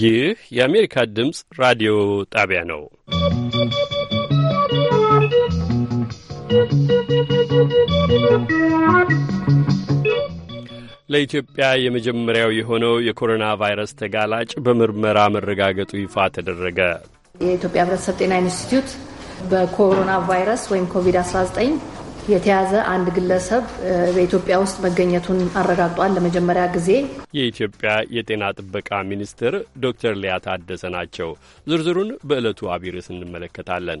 ይህ የአሜሪካ ድምፅ ራዲዮ ጣቢያ ነው። ለኢትዮጵያ የመጀመሪያው የሆነው የኮሮና ቫይረስ ተጋላጭ በምርመራ መረጋገጡ ይፋ ተደረገ። የኢትዮጵያ ሕብረተሰብ ጤና ኢንስቲትዩት በኮሮና ቫይረስ ወይም ኮቪድ-19 የተያዘ አንድ ግለሰብ በኢትዮጵያ ውስጥ መገኘቱን አረጋግጧል። ለመጀመሪያ ጊዜ የኢትዮጵያ የጤና ጥበቃ ሚኒስትር ዶክተር ሊያ ታደሰ ናቸው። ዝርዝሩን በዕለቱ አቢርስ እንመለከታለን።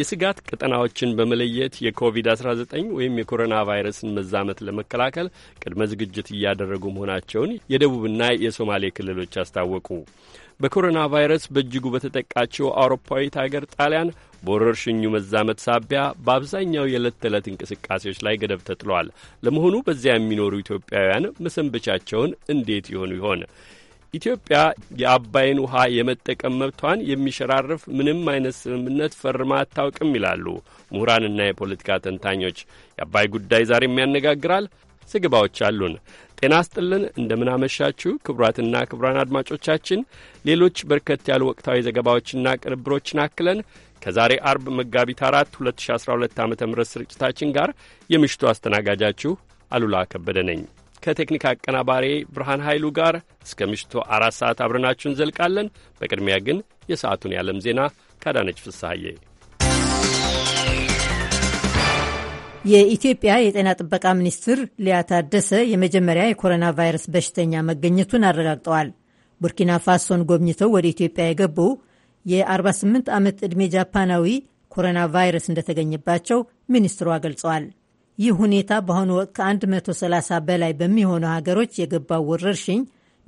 የስጋት ቀጠናዎችን በመለየት የኮቪድ-19 ወይም የኮሮና ቫይረስን መዛመት ለመከላከል ቅድመ ዝግጅት እያደረጉ መሆናቸውን የደቡብና የሶማሌ ክልሎች አስታወቁ። በኮሮና ቫይረስ በእጅጉ በተጠቃቸው አውሮፓዊት አገር ጣሊያን በወረርሽኙ መዛመት ሳቢያ በአብዛኛው የዕለት ተዕለት እንቅስቃሴዎች ላይ ገደብ ተጥሏል። ለመሆኑ በዚያ የሚኖሩ ኢትዮጵያውያን መሰንበቻቸውን እንዴት ይሆኑ ይሆን? ኢትዮጵያ የአባይን ውሃ የመጠቀም መብቷን የሚሸራርፍ ምንም አይነት ስምምነት ፈርማ አታውቅም ይላሉ ምሁራንና የፖለቲካ ተንታኞች። የአባይ ጉዳይ ዛሬም ያነጋግራል። ዘገባዎች አሉን። ጤና ስጥልን፣ እንደምናመሻችሁ ክቡራትና ክቡራን አድማጮቻችን ሌሎች በርከት ያሉ ወቅታዊ ዘገባዎችና ቅንብሮችን አክለን ከዛሬ አርብ መጋቢት አራት 2012 ዓ ም ስርጭታችን ጋር የምሽቱ አስተናጋጃችሁ አሉላ ከበደ ነኝ ከቴክኒክ አቀናባሪ ብርሃን ኃይሉ ጋር እስከ ምሽቱ አራት ሰዓት አብረናችሁ እንዘልቃለን። በቅድሚያ ግን የሰዓቱን የዓለም ዜና ካዳነች ፍስሐዬ። የኢትዮጵያ የጤና ጥበቃ ሚኒስትር ሊያ ታደሰ የመጀመሪያ የኮሮና ቫይረስ በሽተኛ መገኘቱን አረጋግጠዋል። ቡርኪና ፋሶን ጎብኝተው ወደ ኢትዮጵያ የገቡ የ48 ዓመት ዕድሜ ጃፓናዊ ኮሮና ቫይረስ እንደተገኘባቸው ሚኒስትሯ ገልጸዋል። ይህ ሁኔታ በአሁኑ ወቅት ከ130 በላይ በሚሆኑ ሀገሮች የገባው ወረርሽኝ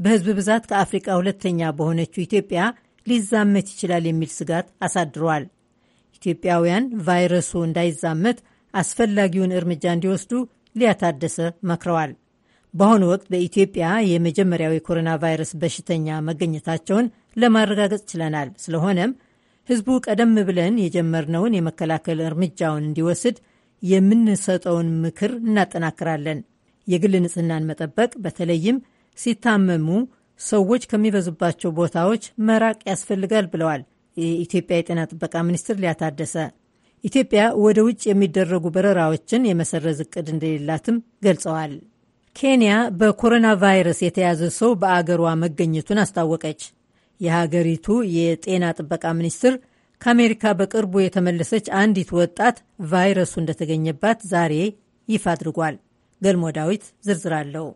በህዝብ ብዛት ከአፍሪቃ ሁለተኛ በሆነችው ኢትዮጵያ ሊዛመት ይችላል የሚል ስጋት አሳድሯል። ኢትዮጵያውያን ቫይረሱ እንዳይዛመት አስፈላጊውን እርምጃ እንዲወስዱ ሊያታደሰ መክረዋል። በአሁኑ ወቅት በኢትዮጵያ የመጀመሪያው የኮሮና ቫይረስ በሽተኛ መገኘታቸውን ለማረጋገጥ ችለናል። ስለሆነም ህዝቡ ቀደም ብለን የጀመርነውን የመከላከል እርምጃውን እንዲወስድ የምንሰጠውን ምክር እናጠናክራለን። የግል ንጽህናን መጠበቅ፣ በተለይም ሲታመሙ ሰዎች ከሚበዙባቸው ቦታዎች መራቅ ያስፈልጋል ብለዋል የኢትዮጵያ የጤና ጥበቃ ሚኒስትር ሊያ ታደሰ። ኢትዮጵያ ወደ ውጭ የሚደረጉ በረራዎችን የመሰረዝ እቅድ እንደሌላትም ገልጸዋል። ኬንያ በኮሮና ቫይረስ የተያዘ ሰው በአገሯ መገኘቱን አስታወቀች። የሀገሪቱ የጤና ጥበቃ ሚኒስትር ከአሜሪካ በቅርቡ የተመለሰች አንዲት ወጣት ቫይረሱ እንደተገኘባት ዛሬ ይፋ አድርጓል። ገልሞ ዳዊት ዝርዝር አለው።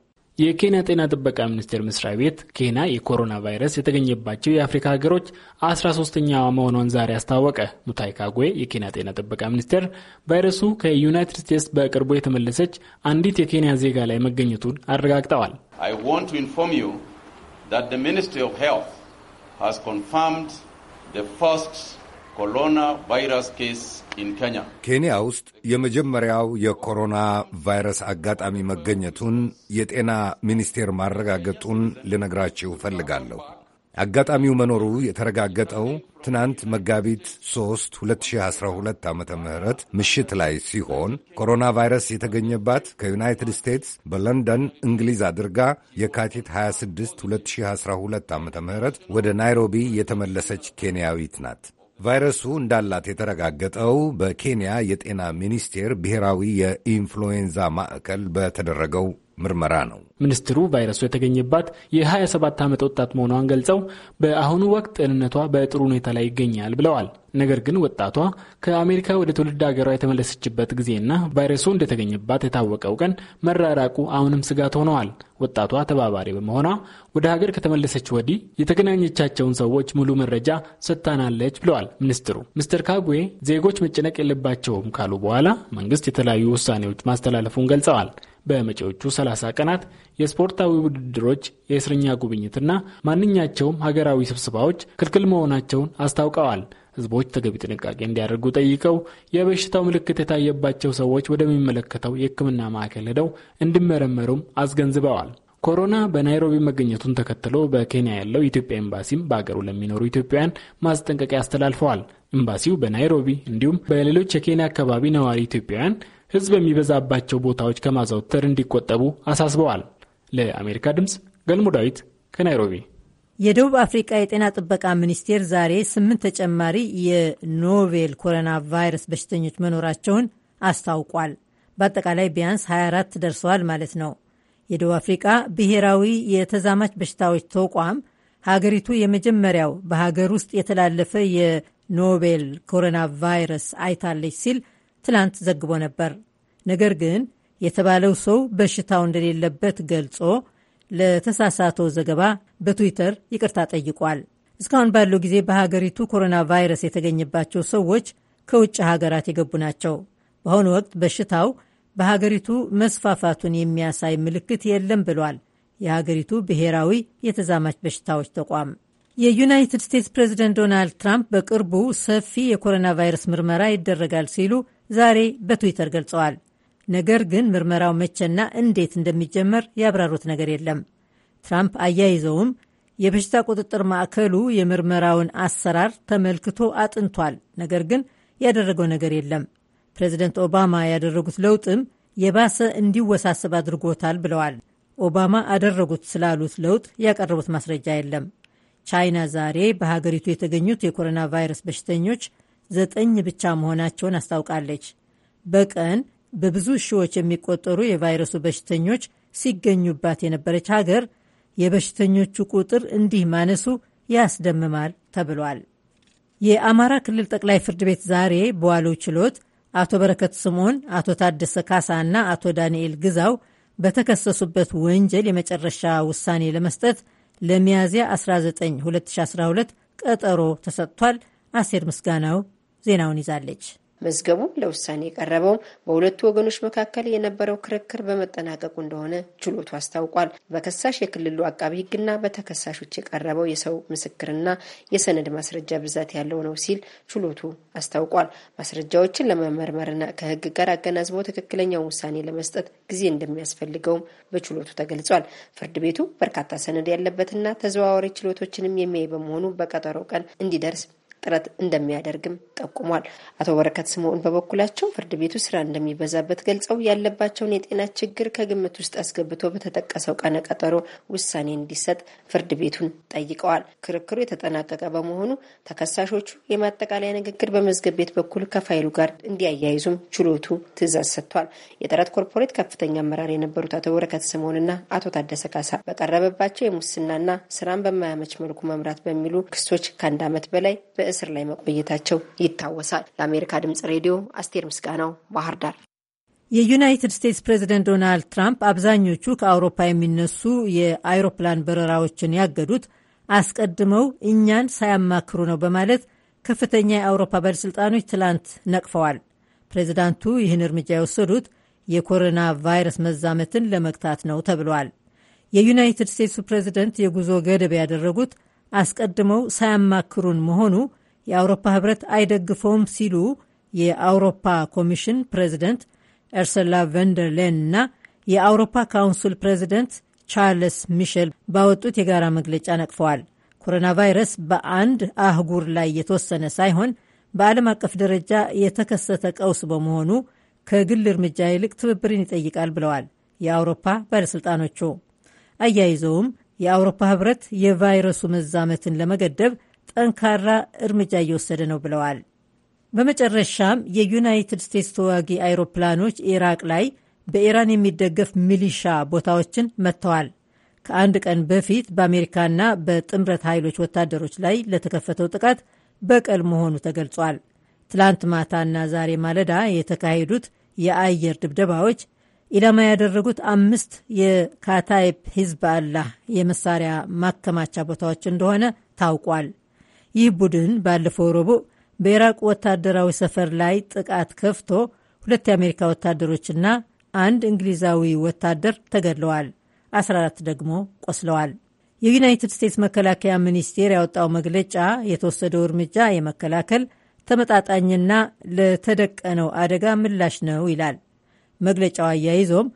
የኬንያ ጤና ጥበቃ ሚኒስቴር መስሪያ ቤት ኬንያ የኮሮና ቫይረስ የተገኘባቸው የአፍሪካ ሀገሮች አስራ ሶስተኛዋ መሆኗን ዛሬ አስታወቀ። ሙታይ ካጎዌ የኬንያ ጤና ጥበቃ ሚኒስቴር ቫይረሱ ከዩናይትድ ስቴትስ በቅርቡ የተመለሰች አንዲት የኬንያ ዜጋ ላይ መገኘቱን አረጋግጠዋል። has confirmed the first ኮሮና ቫይረስ ኬስ Kenya. ኬንያ ኬንያ ውስጥ የመጀመሪያው የኮሮና ቫይረስ አጋጣሚ መገኘቱን የጤና ሚኒስቴር ማረጋገጡን ልነግራችሁ እፈልጋለሁ። አጋጣሚው መኖሩ የተረጋገጠው ትናንት መጋቢት 3 2012 ዓ ም ምሽት ላይ ሲሆን ኮሮና ቫይረስ የተገኘባት ከዩናይትድ ስቴትስ በለንደን እንግሊዝ አድርጋ የካቲት 26 2012 ዓ ም ወደ ናይሮቢ የተመለሰች ኬንያዊት ናት። ቫይረሱ እንዳላት የተረጋገጠው በኬንያ የጤና ሚኒስቴር ብሔራዊ የኢንፍሉዌንዛ ማዕከል በተደረገው ምርመራ ነው። ሚኒስትሩ ቫይረሱ የተገኘባት የ27 ዓመት ወጣት መሆኗን ገልጸው በአሁኑ ወቅት ጤንነቷ በጥሩ ሁኔታ ላይ ይገኛል ብለዋል። ነገር ግን ወጣቷ ከአሜሪካ ወደ ትውልድ ሀገሯ የተመለሰችበት ጊዜና ቫይረሱ እንደተገኘባት የታወቀው ቀን መራራቁ አሁንም ስጋት ሆነዋል። ወጣቷ ተባባሪ በመሆኗ ወደ ሀገር ከተመለሰች ወዲህ የተገናኘቻቸውን ሰዎች ሙሉ መረጃ ሰጥታናለች ብለዋል ሚኒስትሩ። ሚስተር ካጉዌ ዜጎች መጨነቅ የለባቸውም ካሉ በኋላ መንግስት የተለያዩ ውሳኔዎች ማስተላለፉን ገልጸዋል። በመጪዎቹ 30 ቀናት የስፖርታዊ ውድድሮች፣ የእስረኛ ጉብኝትና ማንኛቸውም ሀገራዊ ስብሰባዎች ክልክል መሆናቸውን አስታውቀዋል። ህዝቦች ተገቢ ጥንቃቄ እንዲያደርጉ ጠይቀው የበሽታው ምልክት የታየባቸው ሰዎች ወደሚመለከተው የሕክምና ማዕከል ሄደው እንዲመረመሩም አስገንዝበዋል። ኮሮና በናይሮቢ መገኘቱን ተከትሎ በኬንያ ያለው የኢትዮጵያ ኤምባሲም በአገሩ ለሚኖሩ ኢትዮጵያውያን ማስጠንቀቂያ አስተላልፈዋል። ኤምባሲው በናይሮቢ እንዲሁም በሌሎች የኬንያ አካባቢ ነዋሪ ኢትዮጵያውያን ህዝብ በሚበዛባቸው ቦታዎች ከማዘውተር እንዲቆጠቡ አሳስበዋል። ለአሜሪካ ድምፅ ገልሞ ዳዊት ከናይሮቢ። የደቡብ አፍሪካ የጤና ጥበቃ ሚኒስቴር ዛሬ ስምንት ተጨማሪ የኖቬል ኮሮና ቫይረስ በሽተኞች መኖራቸውን አስታውቋል። በአጠቃላይ ቢያንስ 24 ደርሰዋል ማለት ነው። የደቡብ አፍሪካ ብሔራዊ የተዛማች በሽታዎች ተቋም ሀገሪቱ የመጀመሪያው በሀገር ውስጥ የተላለፈ የኖቬል ኮሮና ቫይረስ አይታለች ሲል ትላንት ዘግቦ ነበር። ነገር ግን የተባለው ሰው በሽታው እንደሌለበት ገልጾ ለተሳሳተው ዘገባ በትዊተር ይቅርታ ጠይቋል። እስካሁን ባለው ጊዜ በሀገሪቱ ኮሮና ቫይረስ የተገኘባቸው ሰዎች ከውጭ ሀገራት የገቡ ናቸው። በአሁኑ ወቅት በሽታው በሀገሪቱ መስፋፋቱን የሚያሳይ ምልክት የለም ብሏል የሀገሪቱ ብሔራዊ የተዛማች በሽታዎች ተቋም። የዩናይትድ ስቴትስ ፕሬዚደንት ዶናልድ ትራምፕ በቅርቡ ሰፊ የኮሮና ቫይረስ ምርመራ ይደረጋል ሲሉ ዛሬ በትዊተር ገልጸዋል። ነገር ግን ምርመራው መቼና እንዴት እንደሚጀመር ያብራሩት ነገር የለም። ትራምፕ አያይዘውም የበሽታ ቁጥጥር ማዕከሉ የምርመራውን አሰራር ተመልክቶ አጥንቷል፣ ነገር ግን ያደረገው ነገር የለም። ፕሬዚደንት ኦባማ ያደረጉት ለውጥም የባሰ እንዲወሳሰብ አድርጎታል ብለዋል። ኦባማ አደረጉት ስላሉት ለውጥ ያቀረቡት ማስረጃ የለም። ቻይና ዛሬ በሀገሪቱ የተገኙት የኮሮና ቫይረስ በሽተኞች ዘጠኝ ብቻ መሆናቸውን አስታውቃለች። በቀን በብዙ ሺዎች የሚቆጠሩ የቫይረሱ በሽተኞች ሲገኙባት የነበረች ሀገር የበሽተኞቹ ቁጥር እንዲህ ማነሱ ያስደምማል ተብሏል። የአማራ ክልል ጠቅላይ ፍርድ ቤት ዛሬ በዋለው ችሎት አቶ በረከት ስምዖን፣ አቶ ታደሰ ካሳ እና አቶ ዳንኤል ግዛው በተከሰሱበት ወንጀል የመጨረሻ ውሳኔ ለመስጠት ለሚያዝያ 19 2012 ቀጠሮ ተሰጥቷል። አሴር ምስጋናው ዜናውን ይዛለች። መዝገቡ ለውሳኔ የቀረበው በሁለቱ ወገኖች መካከል የነበረው ክርክር በመጠናቀቁ እንደሆነ ችሎቱ አስታውቋል። በከሳሽ የክልሉ አቃቢ ሕግና በተከሳሾች የቀረበው የሰው ምስክርና የሰነድ ማስረጃ ብዛት ያለው ነው ሲል ችሎቱ አስታውቋል። ማስረጃዎችን ለመመርመርና ከሕግ ጋር አገናዝበው ትክክለኛውን ውሳኔ ለመስጠት ጊዜ እንደሚያስፈልገውም በችሎቱ ተገልጿል። ፍርድ ቤቱ በርካታ ሰነድ ያለበትና ተዘዋዋሪ ችሎቶችንም የሚያይ በመሆኑ በቀጠሮ ቀን እንዲደርስ ጥረት እንደሚያደርግም ጠቁሟል። አቶ በረከት ስምዖን በበኩላቸው ፍርድ ቤቱ ስራ እንደሚበዛበት ገልጸው ያለባቸውን የጤና ችግር ከግምት ውስጥ አስገብቶ በተጠቀሰው ቀነ ቀጠሮ ውሳኔ እንዲሰጥ ፍርድ ቤቱን ጠይቀዋል። ክርክሩ የተጠናቀቀ በመሆኑ ተከሳሾቹ የማጠቃለያ ንግግር በመዝገብ ቤት በኩል ከፋይሉ ጋር እንዲያያይዙም ችሎቱ ትዕዛዝ ሰጥቷል። የጥረት ኮርፖሬት ከፍተኛ አመራር የነበሩት አቶ በረከት ስምዖንና አቶ ታደሰ ካሳ በቀረበባቸው የሙስናና ስራን በማያመች መልኩ መምራት በሚሉ ክሶች ከአንድ ዓመት በላይ በ በእስር ላይ መቆየታቸው ይታወሳል። ለአሜሪካ ድምጽ ሬዲዮ አስቴር ምስጋናው ባህር ዳር። የዩናይትድ ስቴትስ ፕሬዚደንት ዶናልድ ትራምፕ አብዛኞቹ ከአውሮፓ የሚነሱ የአውሮፕላን በረራዎችን ያገዱት አስቀድመው እኛን ሳያማክሩ ነው በማለት ከፍተኛ የአውሮፓ ባለሥልጣኖች ትላንት ነቅፈዋል። ፕሬዚዳንቱ ይህን እርምጃ የወሰዱት የኮሮና ቫይረስ መዛመትን ለመግታት ነው ተብሏል። የዩናይትድ ስቴትሱ ፕሬዚደንት የጉዞ ገደብ ያደረጉት አስቀድመው ሳያማክሩን መሆኑ የአውሮፓ ህብረት አይደግፈውም ሲሉ የአውሮፓ ኮሚሽን ፕሬዚደንት ኤርሰላ ቨንደርሌን እና የአውሮፓ ካውንስል ፕሬዚደንት ቻርልስ ሚሼል ባወጡት የጋራ መግለጫ ነቅፈዋል። ኮሮና ቫይረስ በአንድ አህጉር ላይ የተወሰነ ሳይሆን በዓለም አቀፍ ደረጃ የተከሰተ ቀውስ በመሆኑ ከግል እርምጃ ይልቅ ትብብርን ይጠይቃል ብለዋል የአውሮፓ ባለሥልጣኖቹ። አያይዘውም የአውሮፓ ህብረት የቫይረሱ መዛመትን ለመገደብ ጠንካራ እርምጃ እየወሰደ ነው ብለዋል። በመጨረሻም የዩናይትድ ስቴትስ ተዋጊ አይሮፕላኖች ኢራቅ ላይ በኢራን የሚደገፍ ሚሊሻ ቦታዎችን መጥተዋል። ከአንድ ቀን በፊት በአሜሪካና በጥምረት ኃይሎች ወታደሮች ላይ ለተከፈተው ጥቃት በቀል መሆኑ ተገልጿል። ትላንት ማታና ዛሬ ማለዳ የተካሄዱት የአየር ድብደባዎች ኢላማ ያደረጉት አምስት የካታይብ ሂዝብ አላህ የመሳሪያ ማከማቻ ቦታዎች እንደሆነ ታውቋል። ይህ ቡድን ባለፈው ረቡዕ በኢራቅ ወታደራዊ ሰፈር ላይ ጥቃት ከፍቶ ሁለት የአሜሪካ ወታደሮችና አንድ እንግሊዛዊ ወታደር ተገድለዋል፣ 14 ደግሞ ቆስለዋል። የዩናይትድ ስቴትስ መከላከያ ሚኒስቴር ያወጣው መግለጫ የተወሰደው እርምጃ የመከላከል ተመጣጣኝና ለተደቀነው አደጋ ምላሽ ነው ይላል። መግለጫው አያይዞም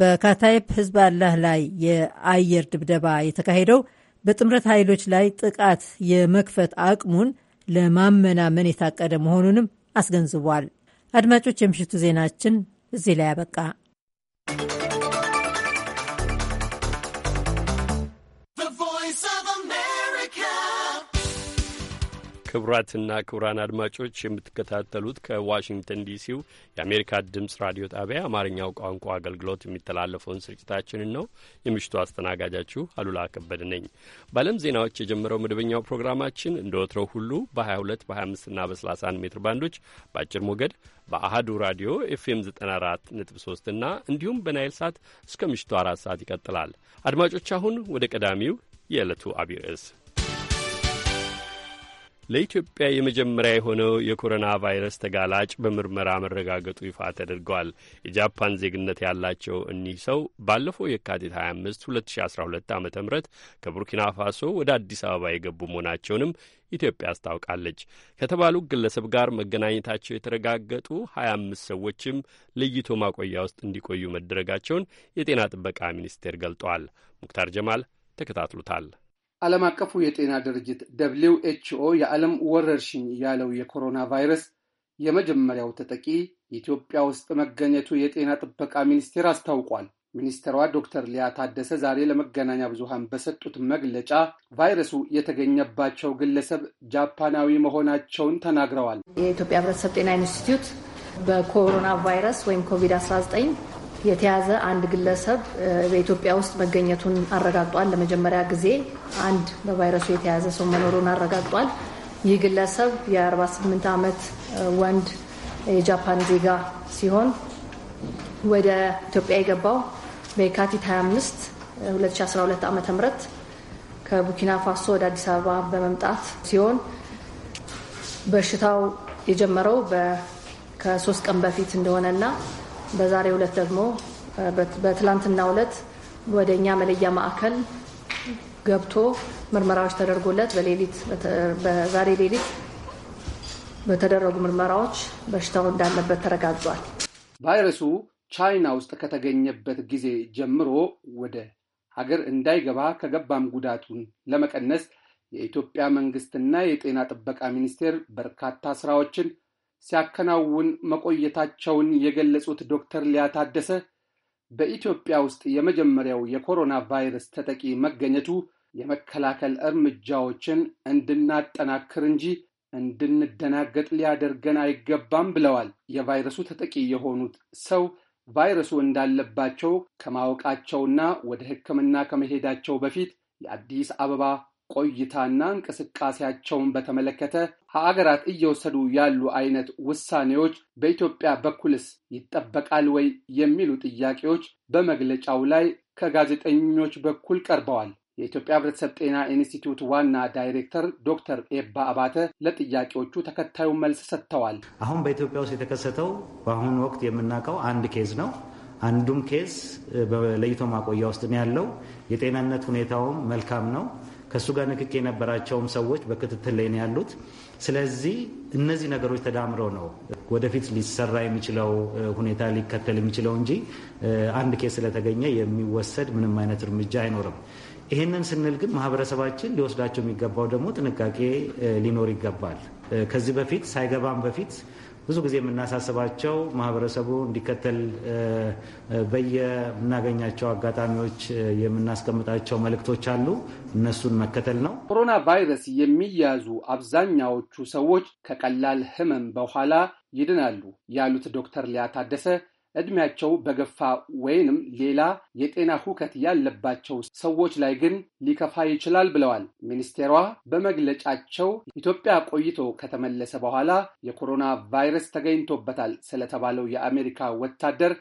በካታይፕ ህዝብ አላህ ላይ የአየር ድብደባ የተካሄደው በጥምረት ኃይሎች ላይ ጥቃት የመክፈት አቅሙን ለማመናመን የታቀደ መሆኑንም አስገንዝቧል። አድማጮች፣ የምሽቱ ዜናችን እዚህ ላይ አበቃ ክቡራትና ክቡራን አድማጮች የምትከታተሉት ከዋሽንግተን ዲሲው የአሜሪካ ድምጽ ራዲዮ ጣቢያ አማርኛው ቋንቋ አገልግሎት የሚተላለፈውን ስርጭታችንን ነው። የምሽቱ አስተናጋጃችሁ አሉላ ከበደ ነኝ። በዓለም ዜናዎች የጀመረው መደበኛው ፕሮግራማችን እንደ ወትረው ሁሉ በ22 በ25ና በ31 ሜትር ባንዶች በአጭር ሞገድ በአሃዱ ራዲዮ ኤፍኤም 94.3 እና እንዲሁም በናይል ሳት እስከ ምሽቱ አራት ሰዓት ይቀጥላል። አድማጮች አሁን ወደ ቀዳሚው የዕለቱ አብይ ርዕስ ለኢትዮጵያ የመጀመሪያ የሆነው የኮሮና ቫይረስ ተጋላጭ በምርመራ መረጋገጡ ይፋ ተደርገዋል። የጃፓን ዜግነት ያላቸው እኒህ ሰው ባለፈው የካቲት 25 2012 ዓ ም ከቡርኪና ፋሶ ወደ አዲስ አበባ የገቡ መሆናቸውንም ኢትዮጵያ አስታውቃለች። ከተባሉ ግለሰብ ጋር መገናኘታቸው የተረጋገጡ 25 ሰዎችም ለይቶ ማቆያ ውስጥ እንዲቆዩ መደረጋቸውን የጤና ጥበቃ ሚኒስቴር ገልጧል። ሙክታር ጀማል ተከታትሎታል። ዓለም አቀፉ የጤና ድርጅት ደብሊው ኤችኦ የዓለም ወረርሽኝ ያለው የኮሮና ቫይረስ የመጀመሪያው ተጠቂ ኢትዮጵያ ውስጥ መገኘቱ የጤና ጥበቃ ሚኒስቴር አስታውቋል። ሚኒስትሯ ዶክተር ሊያ ታደሰ ዛሬ ለመገናኛ ብዙሃን በሰጡት መግለጫ ቫይረሱ የተገኘባቸው ግለሰብ ጃፓናዊ መሆናቸውን ተናግረዋል። የኢትዮጵያ ሕብረተሰብ ጤና ኢንስቲትዩት በኮሮና ቫይረስ ወይም ኮቪድ-19 የተያዘ አንድ ግለሰብ በኢትዮጵያ ውስጥ መገኘቱን አረጋግጧል። ለመጀመሪያ ጊዜ አንድ በቫይረሱ የተያዘ ሰው መኖሩን አረጋግጧል። ይህ ግለሰብ የ48 ዓመት ወንድ የጃፓን ዜጋ ሲሆን ወደ ኢትዮጵያ የገባው በየካቲት 25 2012 ዓ ም ከቡኪና ፋሶ ወደ አዲስ አበባ በመምጣት ሲሆን በሽታው የጀመረው ከሶስት ቀን በፊት እንደሆነና በዛሬው ሁለት ደግሞ በትላንትናው ሁለት ወደ እኛ መለያ ማዕከል ገብቶ ምርመራዎች ተደርጎለት በሌሊት በዛሬ ሌሊት በተደረጉ ምርመራዎች በሽታው እንዳለበት ተረጋግጧል። ቫይረሱ ቻይና ውስጥ ከተገኘበት ጊዜ ጀምሮ ወደ ሀገር እንዳይገባ ከገባም ጉዳቱን ለመቀነስ የኢትዮጵያ መንግስትና የጤና ጥበቃ ሚኒስቴር በርካታ ስራዎችን ሲያከናውን መቆየታቸውን የገለጹት ዶክተር ሊያ ታደሰ በኢትዮጵያ ውስጥ የመጀመሪያው የኮሮና ቫይረስ ተጠቂ መገኘቱ የመከላከል እርምጃዎችን እንድናጠናክር እንጂ እንድንደናገጥ ሊያደርገን አይገባም ብለዋል። የቫይረሱ ተጠቂ የሆኑት ሰው ቫይረሱ እንዳለባቸው ከማወቃቸውና ወደ ሕክምና ከመሄዳቸው በፊት የአዲስ አበባ ቆይታና እንቅስቃሴያቸውን በተመለከተ ሀገራት እየወሰዱ ያሉ አይነት ውሳኔዎች በኢትዮጵያ በኩልስ ይጠበቃል ወይ የሚሉ ጥያቄዎች በመግለጫው ላይ ከጋዜጠኞች በኩል ቀርበዋል። የኢትዮጵያ ሕብረተሰብ ጤና ኢንስቲትዩት ዋና ዳይሬክተር ዶክተር ኤባ አባተ ለጥያቄዎቹ ተከታዩን መልስ ሰጥተዋል። አሁን በኢትዮጵያ ውስጥ የተከሰተው በአሁኑ ወቅት የምናውቀው አንድ ኬዝ ነው። አንዱም ኬዝ በለይቶ ማቆያ ውስጥ ነው ያለው። የጤናነት ሁኔታውም መልካም ነው። ከእሱ ጋር ንክክ የነበራቸውም ሰዎች በክትትል ላይ ነው ያሉት። ስለዚህ እነዚህ ነገሮች ተዳምረው ነው ወደፊት ሊሰራ የሚችለው ሁኔታ ሊከተል የሚችለው እንጂ አንድ ኬስ ስለተገኘ የሚወሰድ ምንም አይነት እርምጃ አይኖርም። ይህንን ስንል ግን ማህበረሰባችን ሊወስዳቸው የሚገባው ደግሞ ጥንቃቄ ሊኖር ይገባል። ከዚህ በፊት ሳይገባም በፊት ብዙ ጊዜ የምናሳስባቸው ማህበረሰቡ እንዲከተል በየምናገኛቸው አጋጣሚዎች የምናስቀምጣቸው መልእክቶች አሉ። እነሱን መከተል ነው። ኮሮና ቫይረስ የሚያዙ አብዛኛዎቹ ሰዎች ከቀላል ህመም በኋላ ይድናሉ ያሉት ዶክተር ሊያ ታደሰ እድሜያቸው በገፋ ወይንም ሌላ የጤና ሁከት ያለባቸው ሰዎች ላይ ግን ሊከፋ ይችላል ብለዋል ሚኒስቴሯ። በመግለጫቸው ኢትዮጵያ ቆይቶ ከተመለሰ በኋላ የኮሮና ቫይረስ ተገኝቶበታል ስለተባለው የአሜሪካ ወታደር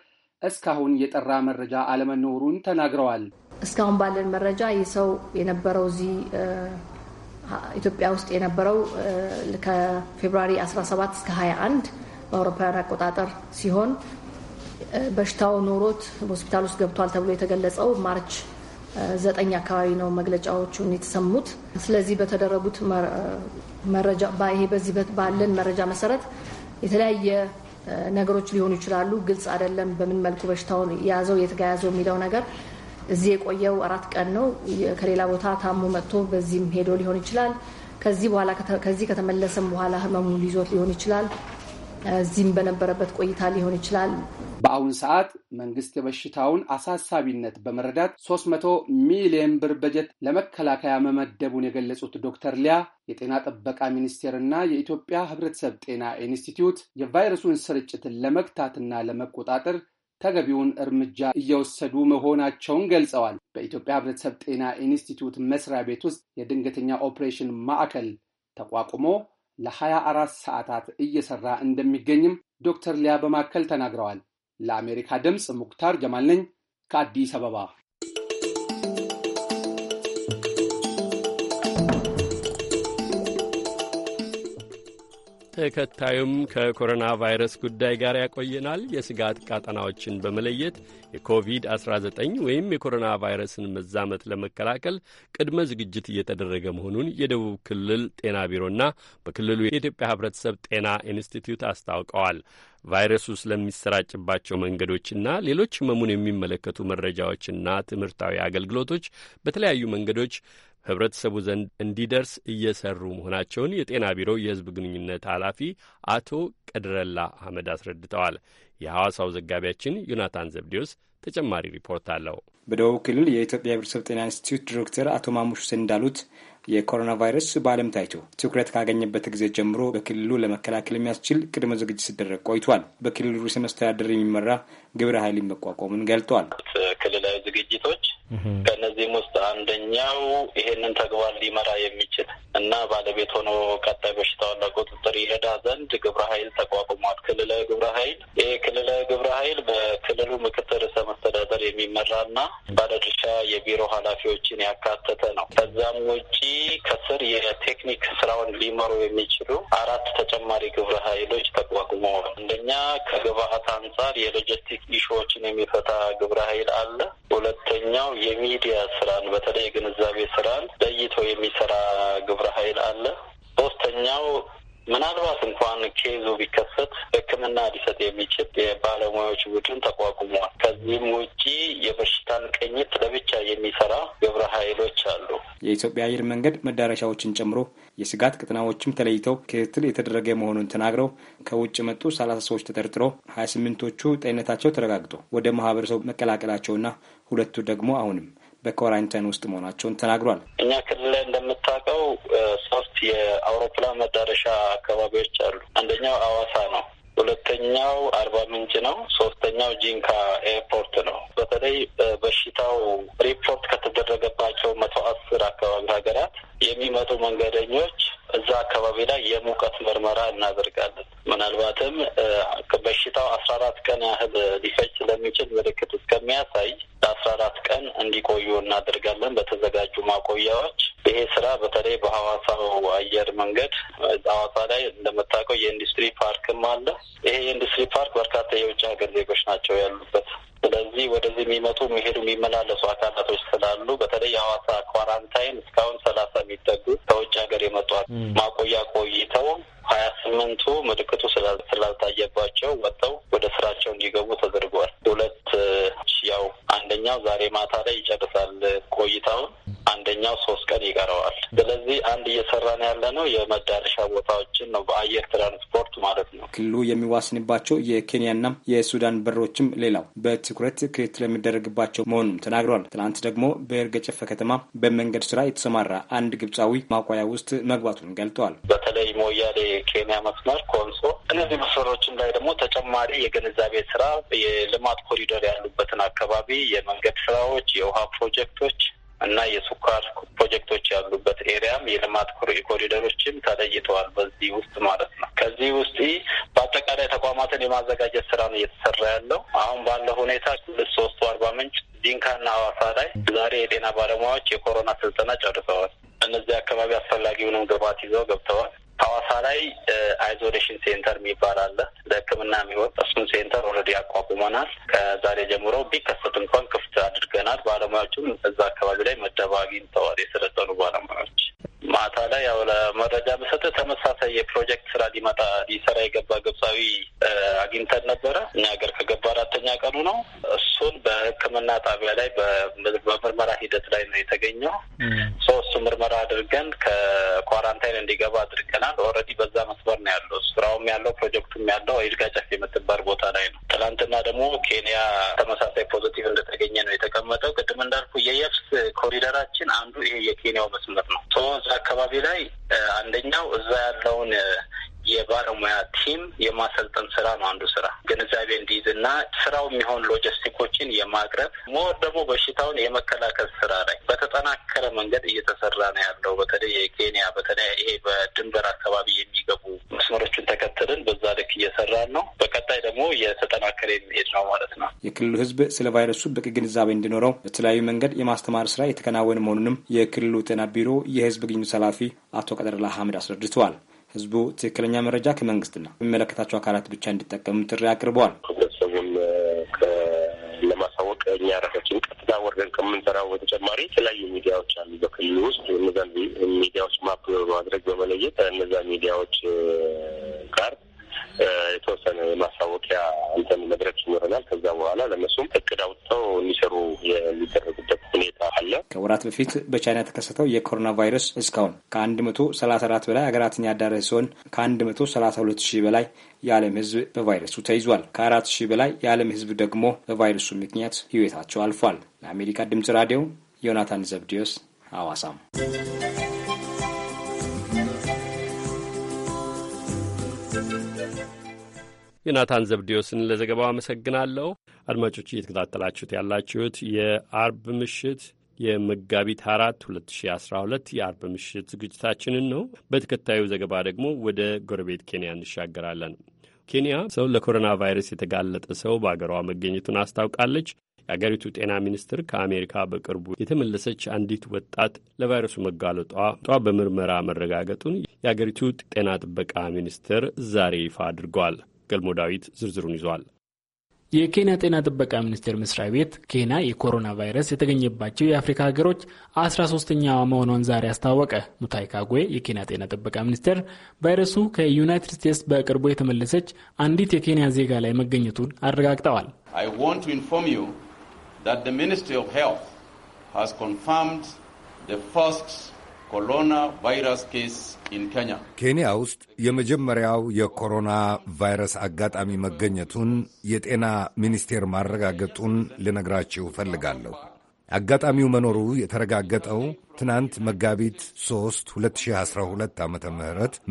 እስካሁን የጠራ መረጃ አለመኖሩን ተናግረዋል። እስካሁን ባለን መረጃ ይህ ሰው የነበረው እዚህ ኢትዮጵያ ውስጥ የነበረው ከፌብሩዋሪ 17 እስከ 21 በአውሮፓውያን አቆጣጠር ሲሆን በሽታው ኖሮት በሆስፒታል ውስጥ ገብቷል ተብሎ የተገለጸው ማርች ዘጠኝ አካባቢ ነው መግለጫዎቹን የተሰሙት። ስለዚህ በተደረጉት መረጃ ይሄ በዚህ ባለን መረጃ መሰረት የተለያየ ነገሮች ሊሆኑ ይችላሉ። ግልጽ አይደለም በምን መልኩ በሽታውን የያዘው የት የሚለው ነገር እዚህ የቆየው አራት ቀን ነው። ከሌላ ቦታ ታሞ መጥቶ በዚህም ሄዶ ሊሆን ይችላል። ከዚህ በኋላ ከዚህ ከተመለሰም በኋላ ህመሙ ይዞት ሊሆን ይችላል። እዚህም በነበረበት ቆይታ ሊሆን ይችላል። በአሁኑ ሰዓት መንግስት የበሽታውን አሳሳቢነት በመረዳት 300 ሚሊዮን ብር በጀት ለመከላከያ መመደቡን የገለጹት ዶክተር ሊያ የጤና ጥበቃ ሚኒስቴርና የኢትዮጵያ ሕብረተሰብ ጤና ኢንስቲትዩት የቫይረሱን ስርጭትን ለመግታትና ለመቆጣጠር ተገቢውን እርምጃ እየወሰዱ መሆናቸውን ገልጸዋል። በኢትዮጵያ ሕብረተሰብ ጤና ኢንስቲትዩት መስሪያ ቤት ውስጥ የድንገተኛ ኦፕሬሽን ማዕከል ተቋቁሞ ለ24 ሰዓታት እየሰራ እንደሚገኝም ዶክተር ሊያ በማከል ተናግረዋል። ለአሜሪካ ድምፅ ሙክታር ጀማል ነኝ ከአዲስ አበባ። ተከታዩም ከኮሮና ቫይረስ ጉዳይ ጋር ያቆየናል። የስጋት ቃጠናዎችን በመለየት የኮቪድ-19 ወይም የኮሮና ቫይረስን መዛመት ለመከላከል ቅድመ ዝግጅት እየተደረገ መሆኑን የደቡብ ክልል ጤና ቢሮና በክልሉ የኢትዮጵያ ሕብረተሰብ ጤና ኢንስቲትዩት አስታውቀዋል። ቫይረሱ ስለሚሰራጭባቸው መንገዶችና ሌሎች ህመሙን የሚመለከቱ መረጃዎችና ትምህርታዊ አገልግሎቶች በተለያዩ መንገዶች ህብረተሰቡ ዘንድ እንዲደርስ እየሰሩ መሆናቸውን የጤና ቢሮ የህዝብ ግንኙነት ኃላፊ አቶ ቀድረላ አህመድ አስረድተዋል። የሐዋሳው ዘጋቢያችን ዮናታን ዘብዴዎስ ተጨማሪ ሪፖርት አለው። በደቡብ ክልል የኢትዮጵያ ህብረተሰብ ጤና ኢንስቲትዩት ዲሬክተር አቶ ማሙሽ ሁሴን እንዳሉት የኮሮና ቫይረስ በዓለም ታይቶ ትኩረት ካገኘበት ጊዜ ጀምሮ በክልሉ ለመከላከል የሚያስችል ቅድመ ዝግጅት ሲደረግ ቆይቷል። በክልሉ ርዕሰ የሚመራ ግብረ ኃይል መቋቋሙን ገልጠዋል። ክልላዊ ዝግጅቶች ከእነዚህም ውስጥ አንደኛው ይሄንን ተግባር ሊመራ የሚችል እና ባለቤት ሆኖ ቀጣይ በሽታውን ለቁጥጥር ይረዳ ዘንድ ግብረ ኃይል ተቋቁሟል። ክልለ ግብረ ኃይል። ይህ ክልላዊ ግብረ ኃይል በክልሉ ምክትል ርዕሰ መስተዳደር የሚመራና ባለድርሻ የቢሮ ኃላፊዎችን ያካተተ ነው። ከዛም ውጪ ከስር የቴክኒክ ስራውን ሊመሩ የሚችሉ አራት ተጨማሪ ግብረ ኃይሎች ተቋቁመዋል። አንደኛ ከግብአት አንጻር የሎጂስቲክ ኢሹዎችን የሚፈታ ግብረ ኃይል አለ። ሁለተኛው የሚዲያ ስራን በተለይ የግንዛቤ ስራን ለይቶ የሚሰራ ግብረ ኃይል አለ። ሶስተኛው ምናልባት እንኳን ኬዙ ቢከሰት ሕክምና ሊሰጥ የሚችል የባለሙያዎች ቡድን ተቋቁሟል። ከዚህም ውጪ የበሽታን ቅኝት ለብቻ የሚሰራ ግብረ ኃይሎች አሉ። የኢትዮጵያ አየር መንገድ መዳረሻዎችን ጨምሮ የስጋት ቅጥናዎችም ተለይተው ክትትል የተደረገ መሆኑን ተናግረው ከውጭ መጡ ሰላሳ ሰዎች ተጠርጥሮ ሀያ ስምንቶቹ ጤንነታቸው ተረጋግጦ ወደ ማህበረሰቡ መቀላቀላቸውና ሁለቱ ደግሞ አሁንም በኳራንታይን ውስጥ መሆናቸውን ተናግሯል። እኛ ክልል ላይ እንደምታውቀው ሶስት የአውሮፕላን መዳረሻ አካባቢዎች አሉ። አንደኛው አዋሳ ነው። ሁለተኛው አርባ ምንጭ ነው። ሶስተኛው ጂንካ ኤርፖርት ነው። በተለይ በሽታው ሪፖርት ከተደረገባቸው መቶ አስር አካባቢ ሀገራት የሚመጡ መንገደኞች እዛ አካባቢ ላይ የሙቀት ምርመራ እናደርጋለን። ምናልባትም በሽታው አስራ አራት ቀን ያህል ሊፈጅ ስለሚችል ምልክት እስከሚያሳይ ለአስራ አራት ቀን እንዲቆዩ እናደርጋለን በተዘጋጁ ማቆያዎች። ይሄ ስራ በተለይ በሐዋሳው አየር መንገድ ሐዋሳ ላይ እንደምታውቀው የኢንዱስትሪ ፓርክም አለ። ይሄ የኢንዱስትሪ ፓርክ በርካታ የውጭ ሀገር ዜጎች ናቸው ያሉበት። ስለዚህ ወደዚህ የሚመጡ የሚሄዱ የሚመላለሱ አካላቶች ስላሉ በተለይ የሐዋሳ ኳራንታይን እስካሁን ሰላሳ የሚጠጉ ከውጭ ሀገር የመጡ ማቆያ ቆይተው ሀያ ስምንቱ ምልክቱ ስላልታየባቸው ወጥተው ወደ ስራቸው እንዲገቡ ተደርጓል። ሁለት ያው አንደኛው ዛሬ ማታ ላይ ይጨርሳል ቆይታውን፣ አንደኛው ሶስት ቀን ይቀረዋል። ስለዚህ አንድ እየሰራን ያለ ነው የመዳረሻ ቦታዎችን ነው በአየር ትራንስፖርት ማለት ነው። ክልሉ የሚዋስንባቸው የኬንያና የሱዳን በሮችም ሌላው በት ትኩረት ክትትል የሚደረግባቸው መሆኑም ተናግረዋል። ትናንት ደግሞ በእርገ ከተማ በመንገድ ስራ የተሰማራ አንድ ግብፃዊ ማቋያ ውስጥ መግባቱን ገልጠዋል። በተለይ ሞያሌ ኬንያ መስመር፣ ኮንሶ እነዚህ መስመሮችም ላይ ደግሞ ተጨማሪ የግንዛቤ ስራ የልማት ኮሪደር ያሉበትን አካባቢ የመንገድ ስራዎች፣ የውሃ ፕሮጀክቶች እና የስኳር ፕሮጀክቶች ያሉበት ኤሪያም የልማት ኮሪደሮችም ተለይተዋል። በዚህ ውስጥ ማለት ነው። ከዚህ ውስጥ በአጠቃላይ ተቋማትን የማዘጋጀት ስራ ነው እየተሰራ ያለው። አሁን ባለው ሁኔታ ሶስቱ አርባ ምንጭ፣ ዲንካና ሐዋሳ ላይ ዛሬ የጤና ባለሙያዎች የኮሮና ስልጠና ጨርሰዋል። እነዚህ አካባቢ አስፈላጊውንም ግብዓት ይዘው ገብተዋል። ሐዋሳ ላይ አይዞሌሽን ሴንተር የሚባል አለ ለሕክምና የሚሆን እሱን ሴንተር ኦልሬዲ አቋቁመናል። ከዛሬ ጀምሮ ቢከሰት እንኳን ክፍት አድርገናል። ባለሙያዎችም እዛ አካባቢ ላይ መደባ አግኝተዋል። የሰለጠኑ ባለሙያዎች ማታ ላይ ያው መረጃ ብሰጥ ተመሳሳይ የፕሮጀክት ስራ ሊመጣ ሊሰራ የገባ ግብፃዊ አግኝተን ነበረ። እኛ ሀገር ከገባ አራተኛ ቀኑ ነው። እሱን በሕክምና ጣቢያ ላይ በምርመራ ሂደት ላይ ነው የተገኘው። ሶስቱ ምርመራ አድርገን ከኳራንታይን እንዲገባ አድርገናል። ኦልሬዲ በዛ መስመር ነው ያለው። ስራውም ያለው ፕሮጀክቱም ያለው አይልጋ ጨፍ የምትባል ቦታ ላይ ነው። ትናንትና ደግሞ ኬንያ ተመሳሳይ ፖዚቲቭ እንደተገኘ ነው የተቀመጠው። ቅድም እንዳልኩ የየብስ ኮሪደራችን አንዱ ይሄ የኬንያው መስመር ነው። አካባቢ ላይ አንደኛው እዛ ያለውን የባለሙያ ቲም የማሰልጠን ስራ ነው አንዱ ስራ ግንዛቤ እንዲይዝና ስራው የሚሆን ሎጂስቲኮችን የማቅረብ ሞር ደግሞ በሽታውን የመከላከል ስራ ላይ በተጠናከረ መንገድ እየተሰራ ነው ያለው። በተለይ የኬንያ በተለይ ይሄ በድንበር አካባቢ የሚገቡ መስመሮችን ተከትልን በዛ ልክ እየሰራን ነው። በቀጣይ ደግሞ እየተጠናከረ የሚሄድ ነው ማለት ነው። የክልሉ ህዝብ ስለ ቫይረሱ በቂ ግንዛቤ እንዲኖረው በተለያዩ መንገድ የማስተማር ስራ የተከናወነ መሆኑንም የክልሉ ጤና ቢሮ የህዝብ ግኙ ኃላፊ አቶ ቀጠርላ ሀምድ አስረድተዋል። ህዝቡ ትክክለኛ መረጃ ከመንግስትና የሚመለከታቸው አካላት ብቻ እንዲጠቀሙ ጥሪ አቅርበዋል። ህብረተሰቡን ለማሳወቅ እኛ ራሳችን ቀጥታ ወርደን ከምንሰራው በተጨማሪ የተለያዩ ሚዲያዎች አሉ በክልሉ ውስጥ እነዛን ሚዲያዎች ማፕ በማድረግ በመለየት እነዛ ሚዲያዎች የተወሰነ የማሳወቂያ እንትን መድረክ ይኖረናል። ከዛ በኋላ ለእነሱም እቅድ አውጥተው እንዲሰሩ የሚደረጉበት ሁኔታ አለ። ከወራት በፊት በቻይና የተከሰተው የኮሮና ቫይረስ እስካሁን ከአንድ መቶ ሰላሳ አራት በላይ ሀገራትን ያዳረሰ ሲሆን ከአንድ መቶ ሰላሳ ሁለት ሺህ በላይ የዓለም ሕዝብ በቫይረሱ ተይዟል። ከአራት ሺህ በላይ የዓለም ሕዝብ ደግሞ በቫይረሱ ምክንያት ሕይወታቸው አልፏል። ለአሜሪካ ድምጽ ራዲዮ ዮናታን ዘብዲዮስ አዋሳም። ዮናታን ዘብዴዎስን ለዘገባው አመሰግናለሁ። አድማጮች እየተከታተላችሁት ያላችሁት የአርብ ምሽት የመጋቢት አራት 2012 የአርብ ምሽት ዝግጅታችንን ነው። በተከታዩ ዘገባ ደግሞ ወደ ጎረቤት ኬንያ እንሻገራለን። ኬንያ ሰው ለኮሮና ቫይረስ የተጋለጠ ሰው በአገሯ መገኘቱን አስታውቃለች። የአገሪቱ ጤና ሚኒስትር ከአሜሪካ በቅርቡ የተመለሰች አንዲት ወጣት ለቫይረሱ መጋለጧ በምርመራ መረጋገጡን የአገሪቱ ጤና ጥበቃ ሚኒስትር ዛሬ ይፋ አድርጓል። ገልሞ ዳዊት ዝርዝሩን ይዟል። የኬንያ ጤና ጥበቃ ሚኒስቴር መስሪያ ቤት ኬንያ የኮሮና ቫይረስ የተገኘባቸው የአፍሪካ ሀገሮች አስራ ሶስተኛዋ መሆኗን ዛሬ አስታወቀ። ሙታይ ካጉዌ የኬንያ ጤና ጥበቃ ሚኒስቴር ቫይረሱ ከዩናይትድ ስቴትስ በቅርቡ የተመለሰች አንዲት የኬንያ ዜጋ ላይ መገኘቱን አረጋግጠዋል። ሚኒስትሪ ኦፍ ሄልዝ ሃዝ ኮንፈርምድ ዘ ኮሮና ቫይረስ ኬስ ኢን ኬንያ ኬንያ ውስጥ የመጀመሪያው የኮሮና ቫይረስ አጋጣሚ መገኘቱን የጤና ሚኒስቴር ማረጋገጡን ልነግራችሁ እፈልጋለሁ። አጋጣሚው መኖሩ የተረጋገጠው ትናንት መጋቢት 3 2012 ዓ ም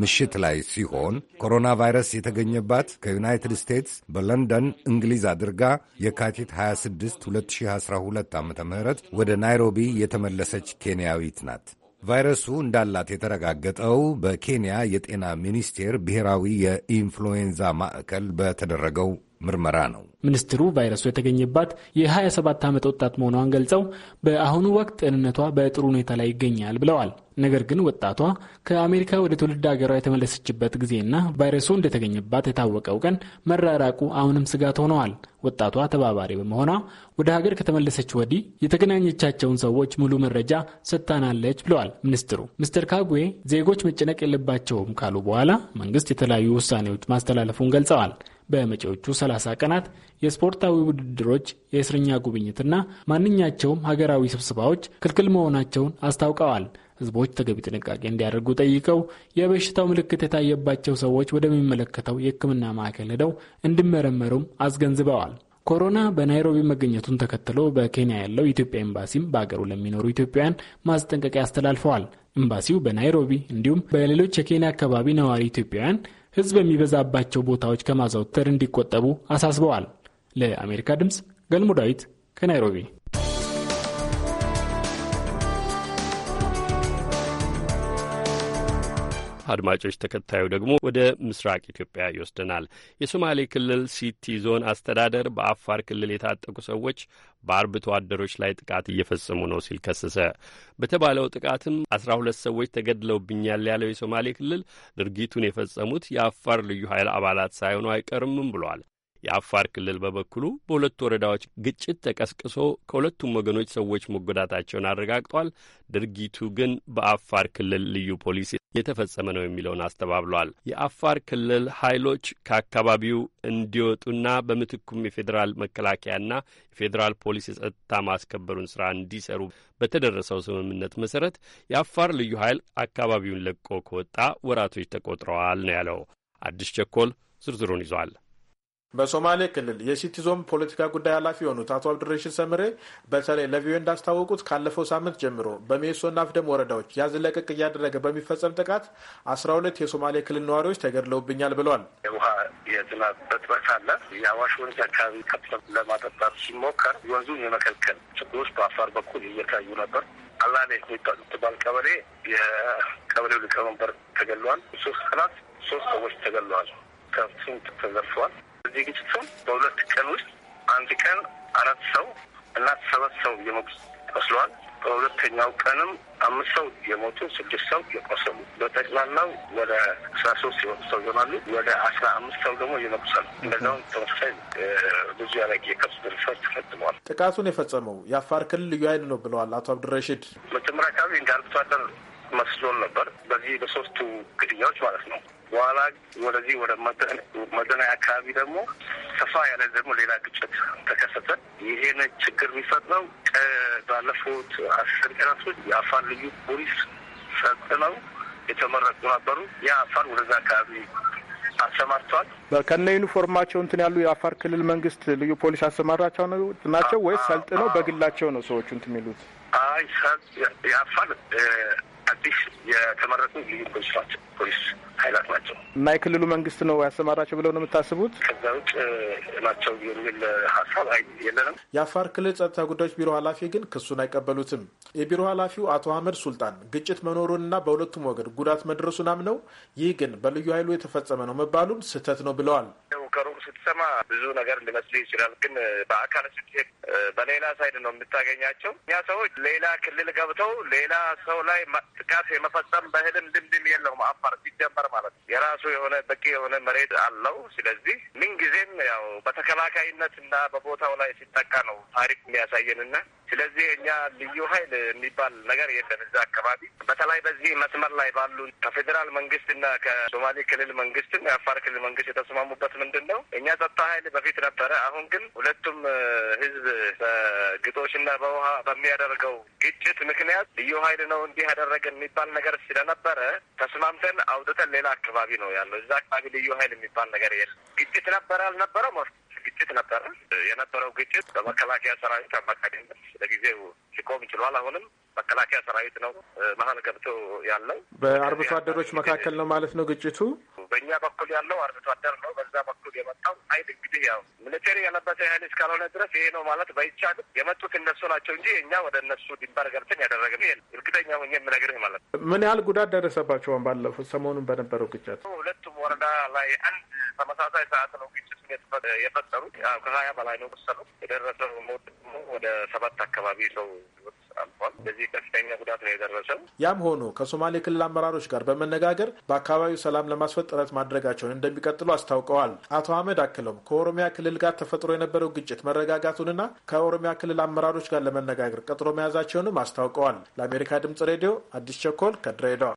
ምሽት ላይ ሲሆን ኮሮና ቫይረስ የተገኘባት ከዩናይትድ ስቴትስ በለንደን እንግሊዝ አድርጋ የካቲት 26 2012 ዓ ም ወደ ናይሮቢ የተመለሰች ኬንያዊት ናት። ቫይረሱ እንዳላት የተረጋገጠው በኬንያ የጤና ሚኒስቴር ብሔራዊ የኢንፍሉዌንዛ ማዕከል በተደረገው ምርመራ ነው። ሚኒስትሩ ቫይረሱ የተገኘባት የ27 ዓመት ወጣት መሆኗን ገልጸው በአሁኑ ወቅት ጤንነቷ በጥሩ ሁኔታ ላይ ይገኛል ብለዋል። ነገር ግን ወጣቷ ከአሜሪካ ወደ ትውልድ ሀገሯ የተመለሰችበት ጊዜና ቫይረሱ እንደተገኘባት የታወቀው ቀን መራራቁ አሁንም ስጋት ሆነዋል። ወጣቷ ተባባሪ በመሆኗ ወደ ሀገር ከተመለሰች ወዲህ የተገናኘቻቸውን ሰዎች ሙሉ መረጃ ሰጥታናለች ብለዋል ሚኒስትሩ። ሚስተር ካጉዌ ዜጎች መጨነቅ የለባቸውም ካሉ በኋላ መንግስት የተለያዩ ውሳኔዎች ማስተላለፉን ገልጸዋል። በመጪዎቹ 30 ቀናት የስፖርታዊ ውድድሮች፣ የእስረኛ ጉብኝትና ማንኛቸውም ሀገራዊ ስብሰባዎች ክልክል መሆናቸውን አስታውቀዋል። ህዝቦች ተገቢ ጥንቃቄ እንዲያደርጉ ጠይቀው የበሽታው ምልክት የታየባቸው ሰዎች ወደሚመለከተው የሕክምና ማዕከል ሄደው እንዲመረመሩም አስገንዝበዋል። ኮሮና በናይሮቢ መገኘቱን ተከትሎ በኬንያ ያለው የኢትዮጵያ ኤምባሲም በአገሩ ለሚኖሩ ኢትዮጵያውያን ማስጠንቀቂያ አስተላልፈዋል። ኤምባሲው በናይሮቢ እንዲሁም በሌሎች የኬንያ አካባቢ ነዋሪ ኢትዮጵያውያን ህዝብ የሚበዛባቸው ቦታዎች ከማዘውተር እንዲቆጠቡ አሳስበዋል። ለአሜሪካ ድምፅ ገልሞ ዳዊት ከናይሮቢ አድማጮች፣ ተከታዩ ደግሞ ወደ ምስራቅ ኢትዮጵያ ይወስደናል። የሶማሌ ክልል ሲቲ ዞን አስተዳደር በአፋር ክልል የታጠቁ ሰዎች በአርብቶ አደሮች ላይ ጥቃት እየፈጸሙ ነው ሲል ከሰሰ። በተባለው ጥቃትም አስራ ሁለት ሰዎች ተገድለውብኛል ያለው የሶማሌ ክልል ድርጊቱን የፈጸሙት የአፋር ልዩ ኃይል አባላት ሳይሆኑ አይቀርምም ብሏል። የአፋር ክልል በበኩሉ በሁለቱ ወረዳዎች ግጭት ተቀስቅሶ ከሁለቱም ወገኖች ሰዎች መጎዳታቸውን አረጋግጧል። ድርጊቱ ግን በአፋር ክልል ልዩ ፖሊስ የተፈጸመ ነው የሚለውን አስተባብሏል። የአፋር ክልል ኃይሎች ከአካባቢው እንዲወጡና በምትኩም የፌዴራል መከላከያና የፌዴራል ፖሊስ የጸጥታ ማስከበሩን ስራ እንዲሰሩ በተደረሰው ስምምነት መሰረት የአፋር ልዩ ኃይል አካባቢውን ለቆ ከወጣ ወራቶች ተቆጥረዋል ነው ያለው። አዲስ ቸኮል ዝርዝሩን ይዟል። በሶማሌ ክልል የሲቲዞን ፖለቲካ ጉዳይ ኃላፊ የሆኑት አቶ አብዱሬሽን ሰምሬ በተለይ ለቪኦኤ እንዳስታወቁት ካለፈው ሳምንት ጀምሮ በሜሶና አፍደም ወረዳዎች ያዝ ለቀቅ እያደረገ በሚፈጸም ጥቃት አስራ ሁለት የሶማሌ ክልል ነዋሪዎች ተገድለውብኛል ብለዋል። የውሃ የዝናብ እጥረት አለ። የአዋሽ ወንዝ አካባቢ ከብት ለማጠጣት ሲሞከር ወንዙን የመከልከል ውስጥ በአፋር በኩል እየታዩ ነበር። አላሌ የምትባል ቀበሌ የቀበሌው ሊቀመንበር ተገድለዋል። ሶስት ቀናት ሶስት ሰዎች ተገድለዋል። ከብቱም ተዘርፈዋል። በዚህ ግጭት በሁለት ቀን ውስጥ አንድ ቀን አራት ሰው እና ሰባት ሰው የሞቱ ቆስለዋል። በሁለተኛው ቀንም አምስት ሰው የሞቱ ስድስት ሰው የቆሰሉ በጠቅላላው ወደ አስራ ሶስት የወጡ ሰው ይሆናሉ። ወደ አስራ አምስት ሰው ደግሞ ይነቁሳሉ። እንደዚያውም ተመሳሳይ ብዙ ያላቂ የከብት ድርሰት ተፈጽመዋል። ጥቃቱን የፈጸመው የአፋር ክልል ልዩ ኃይል ነው ብለዋል አቶ አብዱረሽድ። መጀመሪያ አካባቢ እንደ አርብቶ አደር መስሎን ነበር። በዚህ በሶስቱ ግድያዎች ማለት ነው በኋላ ወደዚህ ወደ መገናኛ አካባቢ ደግሞ ሰፋ ያለ ደግሞ ሌላ ግጭት ተከሰተ። ይሄን ችግር የሚፈጥነው ባለፉት አስር ቀናቶች የአፋር ልዩ ፖሊስ ሰልጥነው የተመረቁ ነበሩ። ያ አፋር ወደዛ አካባቢ አሰማርተዋል። ከነ ዩኒፎርማቸው እንትን ያሉ የአፋር ክልል መንግስት ልዩ ፖሊስ አሰማራቸው ናቸው ወይስ ሰልጥነው በግላቸው ነው ሰዎቹ እንትን የሚሉት? አይ የአፋር አዲስ የተመረጡ ልዩ ናቸው ፖሊስ ኃይላት ናቸው እና የክልሉ መንግስት ነው ያሰማራቸው ብለው ነው የምታስቡት? ከዛ ውጭ ናቸው የሚል ሀሳብ የለንም። የአፋር ክልል ጸጥታ ጉዳዮች ቢሮ ኃላፊ ግን ክሱን አይቀበሉትም። የቢሮ ኃላፊው አቶ አህመድ ሱልጣን ግጭት መኖሩንና በሁለቱም ወገን ጉዳት መድረሱን አምነው ይህ ግን በልዩ ኃይሉ የተፈጸመ ነው መባሉን ስህተት ነው ብለዋል። ስትሰማ ብዙ ነገር ሊመስል ይችላል። ግን በአካል ስትሄድ በሌላ ሳይድ ነው የምታገኛቸው። እኛ ሰዎች ሌላ ክልል ገብተው ሌላ ሰው ላይ ጥቃት የመፈጸም በህልም ድምድም የለውም። አፋር ሲጀመር ማለት ነው የራሱ የሆነ በቂ የሆነ መሬት አለው። ስለዚህ ምንጊዜም ያው በተከላካይነት እና በቦታው ላይ ሲጠቃ ነው ታሪክ የሚያሳየን እና ስለዚህ እኛ ልዩ ኃይል የሚባል ነገር የለም እዛ አካባቢ በተለይ በዚህ መስመር ላይ ባሉ ከፌዴራል መንግስት እና ከሶማሌ ክልል መንግስትም የአፋር ክልል መንግስት የተስማሙበት ምንድን ነው እኛ ጸጥታ ኃይል በፊት ነበረ። አሁን ግን ሁለቱም ህዝብ በግጦሽና በውሃ በሚያደርገው ግጭት ምክንያት ልዩ ኃይል ነው እንዲህ ያደረገ የሚባል ነገር ስለነበረ ተስማምተን አውጥተን ሌላ አካባቢ ነው ያለው። እዛ አካባቢ ልዩ ኃይል የሚባል ነገር የለም። ግጭት ነበረ አልነበረም ግጭት ነበረ። የነበረው ግጭት በመከላከያ ሰራዊት አማካኝነት ለጊዜው ሊቆም ይችሏል። አሁንም መከላከያ ሰራዊት ነው መሀል ገብቶ ያለው። በአርብቶ አደሮች መካከል ነው ማለት ነው ግጭቱ። በእኛ በኩል ያለው አርብቶ አደር ነው፣ በዛ በኩል የመጣው ሀይል እንግዲህ ያው ሚሊቴሪ የለበሰ ሀይል እስካልሆነ ድረስ ይሄ ነው ማለት ባይቻልም የመጡት እነሱ ናቸው እንጂ እኛ ወደ እነሱ ድንበር ገብተን ያደረግን ይሄ እርግጠኛ ሆኜ የምነግርህ ማለት ነው። ምን ያህል ጉዳት ደረሰባቸውን ባለፉት ሰሞኑን በነበረው ግጭት ሁለቱም ወረዳ ላይ አንድ ተመሳሳይ ሰዓት ነው ግጭቱን የፈጠሩት። ከሀያ በላይ ነው መሰሉ የደረሰው ሞት ደግሞ ወደ ሰባት አካባቢ ሰው ህይወት አልፏል። እንደዚህ ከፍተኛ ጉዳት ነው የደረሰው። ያም ሆኖ ከሶማሌ ክልል አመራሮች ጋር በመነጋገር በአካባቢው ሰላም ለማስፈን ጥረት ማድረጋቸውን እንደሚቀጥሉ አስታውቀዋል። አቶ አህመድ አክለውም ከኦሮሚያ ክልል ጋር ተፈጥሮ የነበረው ግጭት መረጋጋቱንና ከኦሮሚያ ክልል አመራሮች ጋር ለመነጋገር ቀጥሮ መያዛቸውንም አስታውቀዋል። ለአሜሪካ ድምጽ ሬዲዮ አዲስ ቸኮል ከድሬዳዋ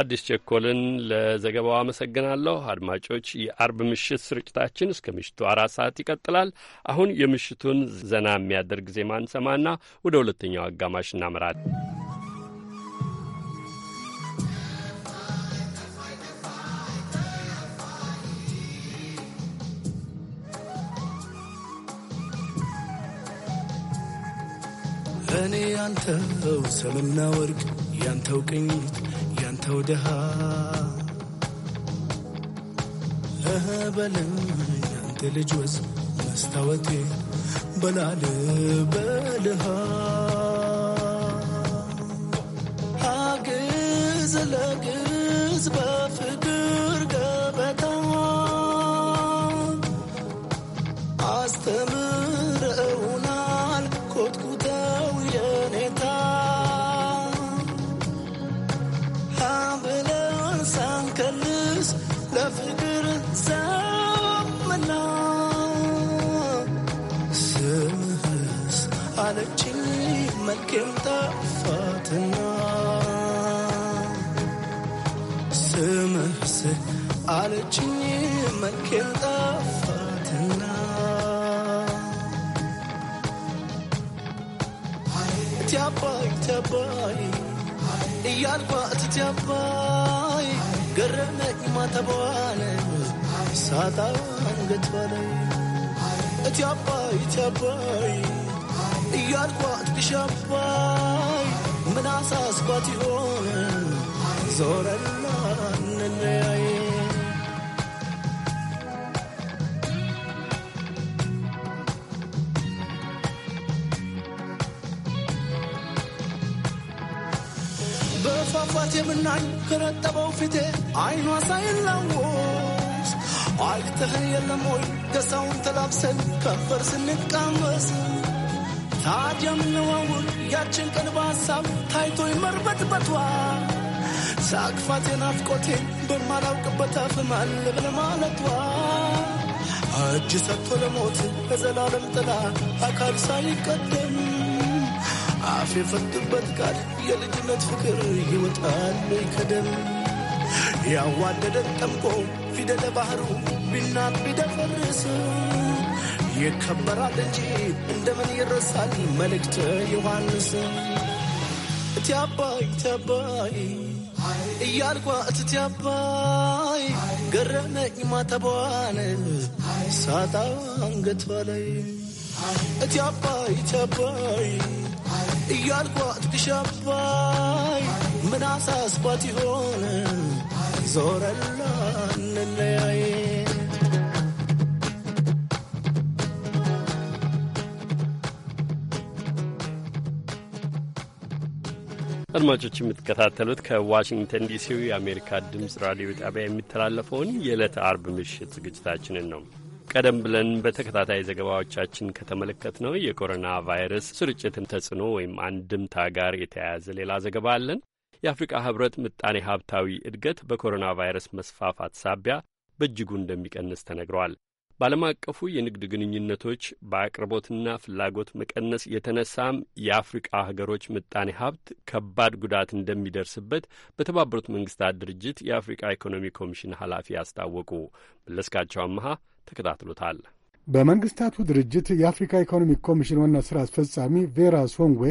አዲስ ቸኮልን ለዘገባው አመሰግናለሁ። አድማጮች፣ የአርብ ምሽት ስርጭታችን እስከ ምሽቱ አራት ሰዓት ይቀጥላል። አሁን የምሽቱን ዘና የሚያደርግ ዜማ እንሰማና ወደ ሁለተኛው አጋማሽ እናመራለን። እኔ ያንተው ሰምና ወርቅ ያንተው ቅኝት ያንተው ድሃ በለም ያንተ ልጅ ወዝ መስታወቴ በላል በልሃ ሀግዝ ለግዝ በፍቅር ገበታ አስተምር መልኬም ጠፋትና ስምህስ አለችኝ መልኬም ጠፋትና ትያባይ ትያባይ እያልኳት ትያባይ ገረመኝ ማተቧን ሳጣ አንገት በላይ እትያባይ ትያባይ እያልኳት ልሸባይ ምን አሳስባት ይሆን ዞረና እንለያይ በፏፏቴ የምናኝ ከረጠበው ፊቴ አይኗ ሳይላወስ አይተኸኝ የለም ወይ ገሳውን ተላብሰን ከንፈር ስንቃመስ ታዲያ ምነው ያችን ቀን በሀሳብ ታይቶ ይመርበትበቷ ሳክፋቴ የናፍቆቴን በማላውቅበት አፍ ማል እጅ ሰጥቶ ለሞት በዘላለም ጥላ አካል ሳይቀደም አፍ የፈቱበት ቃል የልጅነት ፍቅር ይወጣል ከደም ያዋደደን ጠምቆ ፊደለ ባህሩ ቢናት ቢደፈርስ ይከበራል እንጂ እንደምን ይረሳል መልእክት ዮሐንስ እቲ አባይ እያልኳ እቲ አባይ ገረመኝ ማተቧን ሳጣ አንገት በላይ እቲ አባይ እያልኳ ትቅሽ አባይ ምን አሳስባት ይሆን ዞረላ እንለያይ አድማጮች የምትከታተሉት ከዋሽንግተን ዲሲው የአሜሪካ ድምፅ ራዲዮ ጣቢያ የሚተላለፈውን የዕለተ አርብ ምሽት ዝግጅታችንን ነው። ቀደም ብለን በተከታታይ ዘገባዎቻችን ከተመለከትነው የኮሮና ቫይረስ ስርጭትን ተጽዕኖ ወይም አንድምታ ጋር የተያያዘ ሌላ ዘገባ አለን። የአፍሪቃ ህብረት ምጣኔ ሀብታዊ እድገት በኮሮና ቫይረስ መስፋፋት ሳቢያ በእጅጉ እንደሚቀንስ ተነግሯል። በዓለም አቀፉ የንግድ ግንኙነቶች በአቅርቦትና ፍላጎት መቀነስ የተነሳም የአፍሪቃ ሀገሮች ምጣኔ ሀብት ከባድ ጉዳት እንደሚደርስበት በተባበሩት መንግስታት ድርጅት የአፍሪቃ ኢኮኖሚ ኮሚሽን ኃላፊ አስታወቁ። መለስካቸው አመሃ ተከታትሎታል። በመንግስታቱ ድርጅት የአፍሪካ ኢኮኖሚክ ኮሚሽን ዋና ስራ አስፈጻሚ ቬራ ሶንግዌ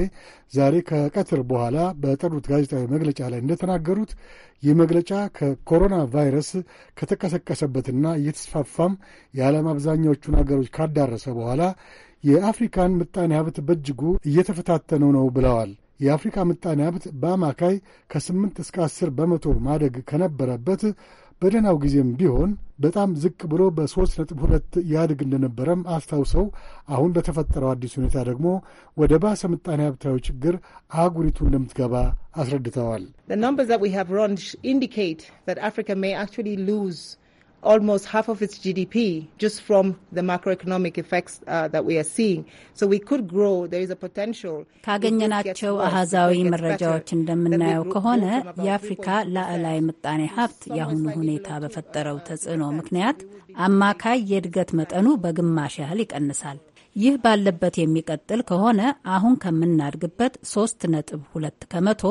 ዛሬ ከቀትር በኋላ በጠሩት ጋዜጣዊ መግለጫ ላይ እንደተናገሩት ይህ መግለጫ ከኮሮና ቫይረስ ከተቀሰቀሰበትና እየተስፋፋም የዓለም አብዛኛዎቹን አገሮች ካዳረሰ በኋላ የአፍሪካን ምጣኔ ሀብት በእጅጉ እየተፈታተነው ነው ብለዋል። የአፍሪካ ምጣኔ ሀብት በአማካይ ከ8 እስከ 10 በመቶ ማደግ ከነበረበት በደህናው ጊዜም ቢሆን በጣም ዝቅ ብሎ በሦስት ነጥብ ሁለት ያድግ እንደነበረም አስታውሰው አሁን በተፈጠረው አዲስ ሁኔታ ደግሞ ወደ ባሰ ምጣኔ ሀብታዊ ችግር አህጉሪቱ እንደምትገባ አስረድተዋል። almost half of its GDP just from the macroeconomic effects uh, that we are seeing. So we could grow. There is a potential. ካገኘናቸው አሃዛዊ መረጃዎች እንደምናየው ከሆነ የአፍሪካ ላዕላይ ምጣኔ ሀብት የአሁኑ ሁኔታ በፈጠረው uh, ተጽዕኖ ምክንያት አማካይ የእድገት መጠኑ በግማሽ ያህል ይቀንሳል። ይህ ባለበት የሚቀጥል ከሆነ አሁን ከምናድግበት ሶስት ነጥብ ሁለት ከመቶ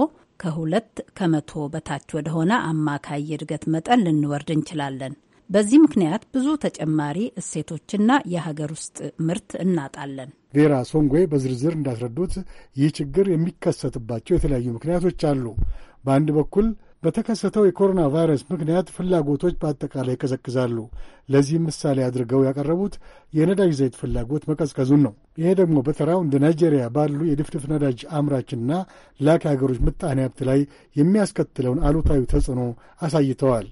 ከሁለት ከመቶ በታች ወደሆነ አማካይ የእድገት መጠን ልንወርድ እንችላለን። በዚህ ምክንያት ብዙ ተጨማሪ እሴቶችና የሀገር ውስጥ ምርት እናጣለን። ቬራ ሶንጎ በዝርዝር እንዳስረዱት ይህ ችግር የሚከሰትባቸው የተለያዩ ምክንያቶች አሉ። በአንድ በኩል በተከሰተው የኮሮና ቫይረስ ምክንያት ፍላጎቶች በአጠቃላይ ይቀዘቅዛሉ። ለዚህም ምሳሌ አድርገው ያቀረቡት የነዳጅ ዘይት ፍላጎት መቀዝቀዙን ነው። ይሄ ደግሞ በተራው እንደ ናይጄሪያ ባሉ የድፍድፍ ነዳጅ አምራችና ላኪ ሀገሮች ምጣኔ ሀብት ላይ የሚያስከትለውን አሉታዊ ተጽዕኖ አሳይተዋል።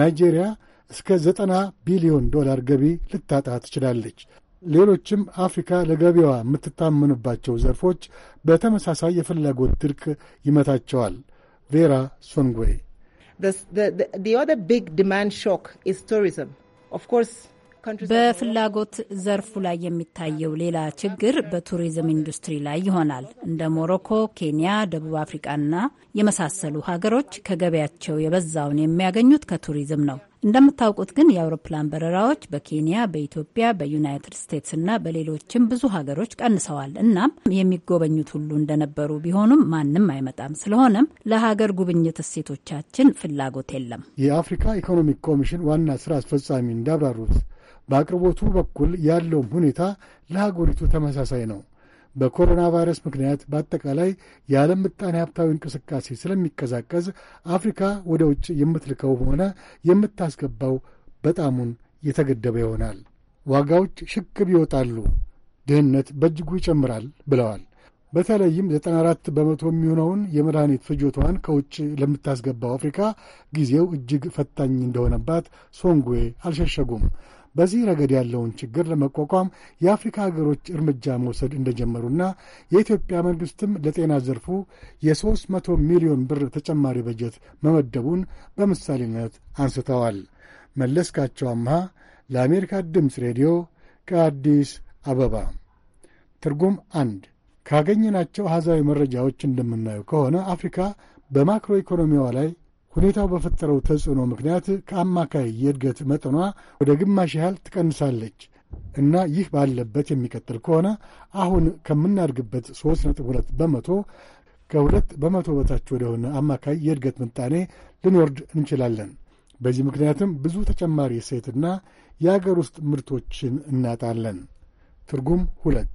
ናይጄሪያ እስከ ዘጠና ቢሊዮን ዶላር ገቢ ልታጣ ትችላለች። ሌሎችም አፍሪካ ለገቢዋ የምትታመንባቸው ዘርፎች በተመሳሳይ የፍላጎት ድርቅ ይመታቸዋል። ቬራ ሶንጎይ በፍላጎት ዘርፉ ላይ የሚታየው ሌላ ችግር በቱሪዝም ኢንዱስትሪ ላይ ይሆናል። እንደ ሞሮኮ፣ ኬንያ፣ ደቡብ አፍሪቃና የመሳሰሉ ሀገሮች ከገበያቸው የበዛውን የሚያገኙት ከቱሪዝም ነው። እንደምታውቁት ግን የአውሮፕላን በረራዎች በኬንያ፣ በኢትዮጵያ፣ በዩናይትድ ስቴትስ እና በሌሎችም ብዙ ሀገሮች ቀንሰዋል። እናም የሚጎበኙት ሁሉ እንደነበሩ ቢሆኑም ማንም አይመጣም። ስለሆነም ለሀገር ጉብኝት እሴቶቻችን ፍላጎት የለም። የአፍሪካ ኢኮኖሚክ ኮሚሽን ዋና ስራ አስፈጻሚ እንዳብራሩት በአቅርቦቱ በኩል ያለውም ሁኔታ ለሀገሪቱ ተመሳሳይ ነው። በኮሮና ቫይረስ ምክንያት በአጠቃላይ የዓለም ምጣኔ ሀብታዊ እንቅስቃሴ ስለሚቀዛቀዝ አፍሪካ ወደ ውጭ የምትልከው ሆነ የምታስገባው በጣሙን የተገደበ ይሆናል። ዋጋዎች ሽቅብ ይወጣሉ፣ ድህነት በእጅጉ ይጨምራል ብለዋል። በተለይም 94 በመቶ የሚሆነውን የመድኃኒት ፍጆቷን ከውጭ ለምታስገባው አፍሪካ ጊዜው እጅግ ፈታኝ እንደሆነባት ሶንጉዌ አልሸሸጉም። በዚህ ረገድ ያለውን ችግር ለመቋቋም የአፍሪካ ሀገሮች እርምጃ መውሰድ እንደጀመሩና የኢትዮጵያ መንግስትም ለጤና ዘርፉ የ300 ሚሊዮን ብር ተጨማሪ በጀት መመደቡን በምሳሌነት አንስተዋል። መለስካቸው አምሃ ለአሜሪካ ድምፅ ሬዲዮ ከአዲስ አበባ። ትርጉም አንድ ካገኘናቸው አሃዛዊ መረጃዎች እንደምናየው ከሆነ አፍሪካ በማክሮ ኢኮኖሚዋ ላይ ሁኔታው በፈጠረው ተጽዕኖ ምክንያት ከአማካይ የእድገት መጠኗ ወደ ግማሽ ያህል ትቀንሳለች እና ይህ ባለበት የሚቀጥል ከሆነ አሁን ከምናድግበት 3.2 በመቶ ከሁለት በመቶ በታች ወደሆነ አማካይ የእድገት ምጣኔ ልንወርድ እንችላለን። በዚህ ምክንያትም ብዙ ተጨማሪ እሴትና የአገር ውስጥ ምርቶችን እናጣለን። ትርጉም ሁለት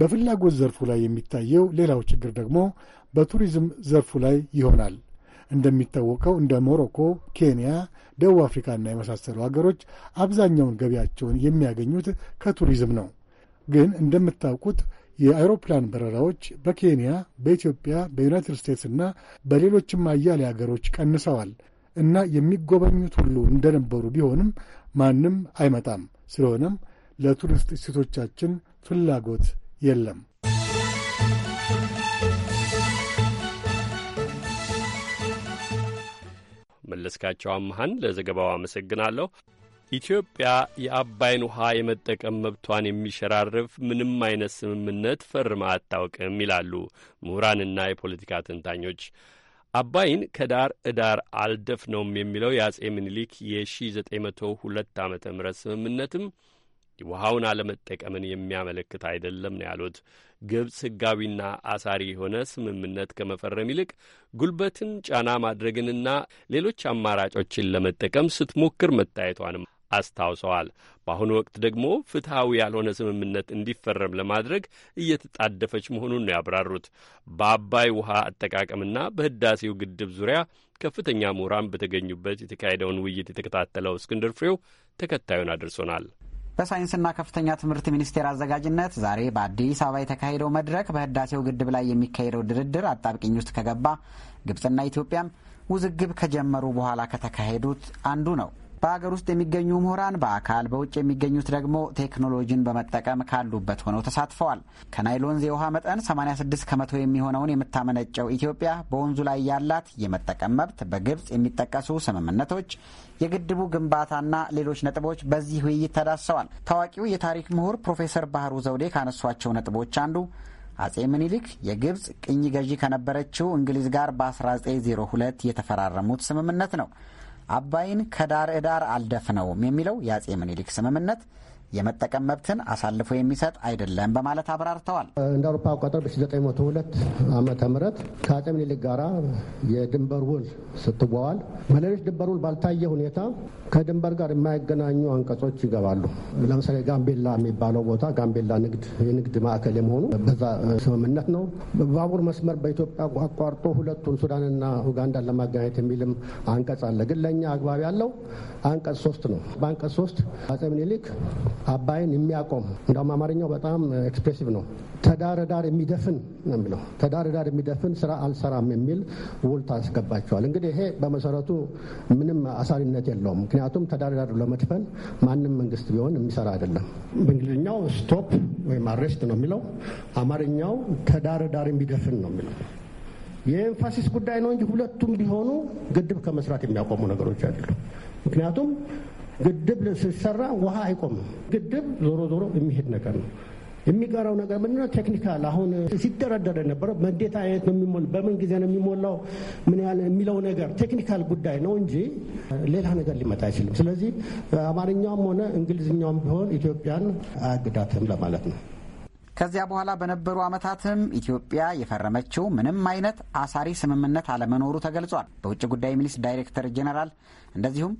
በፍላጎት ዘርፉ ላይ የሚታየው ሌላው ችግር ደግሞ በቱሪዝም ዘርፉ ላይ ይሆናል። እንደሚታወቀው እንደ ሞሮኮ፣ ኬንያ፣ ደቡብ አፍሪካና የመሳሰሉ ሀገሮች አብዛኛውን ገቢያቸውን የሚያገኙት ከቱሪዝም ነው። ግን እንደምታውቁት የአውሮፕላን በረራዎች በኬንያ፣ በኢትዮጵያ፣ በዩናይትድ ስቴትስና በሌሎችም አያሌ ሀገሮች ቀንሰዋል እና የሚጎበኙት ሁሉ እንደነበሩ ቢሆንም ማንም አይመጣም። ስለሆነም ለቱሪስት ሴቶቻችን ፍላጎት የለም። መለስካቸው አመሃን ለዘገባው አመሰግናለሁ። ኢትዮጵያ የአባይን ውሃ የመጠቀም መብቷን የሚሸራርፍ ምንም አይነት ስምምነት ፈርማ አታውቅም ይላሉ ምሁራንና የፖለቲካ ተንታኞች። አባይን ከዳር እዳር አልደፍነውም የሚለው የአጼ ምኒልክ የ1902 ዓ ም ስምምነትም ውሃውን አለመጠቀምን የሚያመለክት አይደለም ነው ያሉት ግብጽ ህጋዊና አሳሪ የሆነ ስምምነት ከመፈረም ይልቅ ጉልበትን፣ ጫና ማድረግንና ሌሎች አማራጮችን ለመጠቀም ስትሞክር መታየቷንም አስታውሰዋል። በአሁኑ ወቅት ደግሞ ፍትሐዊ ያልሆነ ስምምነት እንዲፈረም ለማድረግ እየተጣደፈች መሆኑን ነው ያብራሩት። በአባይ ውሃ አጠቃቀምና በህዳሴው ግድብ ዙሪያ ከፍተኛ ምሁራን በተገኙበት የተካሄደውን ውይይት የተከታተለው እስክንድር ፍሬው ተከታዩን አድርሶናል። በሳይንስና ከፍተኛ ትምህርት ሚኒስቴር አዘጋጅነት ዛሬ በአዲስ አበባ የተካሄደው መድረክ በህዳሴው ግድብ ላይ የሚካሄደው ድርድር አጣብቂኝ ውስጥ ከገባ ግብፅና ኢትዮጵያም ውዝግብ ከጀመሩ በኋላ ከተካሄዱት አንዱ ነው። በሀገር ውስጥ የሚገኙ ምሁራን በአካል በውጭ የሚገኙት ደግሞ ቴክኖሎጂን በመጠቀም ካሉበት ሆነው ተሳትፈዋል። ከናይሎንዝ የውሃ መጠን 86 ከመቶ የሚሆነውን የምታመነጨው ኢትዮጵያ በወንዙ ላይ ያላት የመጠቀም መብት፣ በግብጽ የሚጠቀሱ ስምምነቶች፣ የግድቡ ግንባታና ሌሎች ነጥቦች በዚህ ውይይት ተዳሰዋል። ታዋቂው የታሪክ ምሁር ፕሮፌሰር ባህሩ ዘውዴ ካነሷቸው ነጥቦች አንዱ አጼ ምኒልክ የግብፅ ቅኝ ገዢ ከነበረችው እንግሊዝ ጋር በ1902 የተፈራረሙት ስምምነት ነው። አባይን ከዳር እዳር አልደፍነውም የሚለው የአጼ ምኒልክ ስምምነት የመጠቀም መብትን አሳልፎ የሚሰጥ አይደለም በማለት አብራርተዋል። እንደ አውሮፓ አቆጣጠር በ1902 ዓመተ ምህረት ከአጼ ምኒልክ ጋር የድንበር ውል ስትዋዋል በሌሎች ድንበር ውል ባልታየ ሁኔታ ከድንበር ጋር የማይገናኙ አንቀጾች ይገባሉ። ለምሳሌ ጋምቤላ የሚባለው ቦታ ጋምቤላ ንግድ የንግድ ማዕከል የመሆኑ በዛ ስምምነት ነው። ባቡር መስመር በኢትዮጵያ አቋርጦ ሁለቱን ሱዳንና ኡጋንዳን ለማገናኘት የሚልም አንቀጽ አለ። ግን ለእኛ አግባብ ያለው አንቀጽ ሶስት ነው። በአንቀጽ ሶስት አጼ ምኒልክ አባይን የሚያቆም እንደውም አማርኛው በጣም ኤክስፕሬሲቭ ነው። ተዳር ዳር የሚደፍን ነው የሚለው ተዳር ዳር የሚደፍን ስራ አልሰራም የሚል ውል ታስገባቸዋል። እንግዲህ ይሄ በመሰረቱ ምንም አሳሪነት የለውም። ምክንያቱም ተዳር ዳር ለመድፈን ማንም መንግስት ቢሆን የሚሰራ አይደለም። በእንግሊዝኛው ስቶፕ ወይም አሬስት ነው የሚለው፣ አማርኛው ተዳር ዳር የሚደፍን ነው የሚለው የኤንፋሲስ ጉዳይ ነው እንጂ ሁለቱም ቢሆኑ ግድብ ከመስራት የሚያቆሙ ነገሮች አይደሉም። ምክንያቱም ግድብ ሲሰራ ውሃ አይቆምም። ግድብ ዞሮ ዞሮ የሚሄድ ነገር ነው። የሚቀረው ነገር ምንድን ቴክኒካል አሁን ሲደረደር ነበረ። እንዴት አይነት ነው የሚሞ በምን ጊዜ ነው የሚሞላው ምን ያህል የሚለው ነገር ቴክኒካል ጉዳይ ነው እንጂ ሌላ ነገር ሊመጣ አይችልም። ስለዚህ አማርኛውም ሆነ እንግሊዝኛውም ቢሆን ኢትዮጵያን አያግዳትም ለማለት ነው። ከዚያ በኋላ በነበሩ ዓመታትም ኢትዮጵያ የፈረመችው ምንም አይነት አሳሪ ስምምነት አለመኖሩ ተገልጿል። በውጭ ጉዳይ ሚኒስት ዳይሬክተር ጄኔራል እንደዚሁም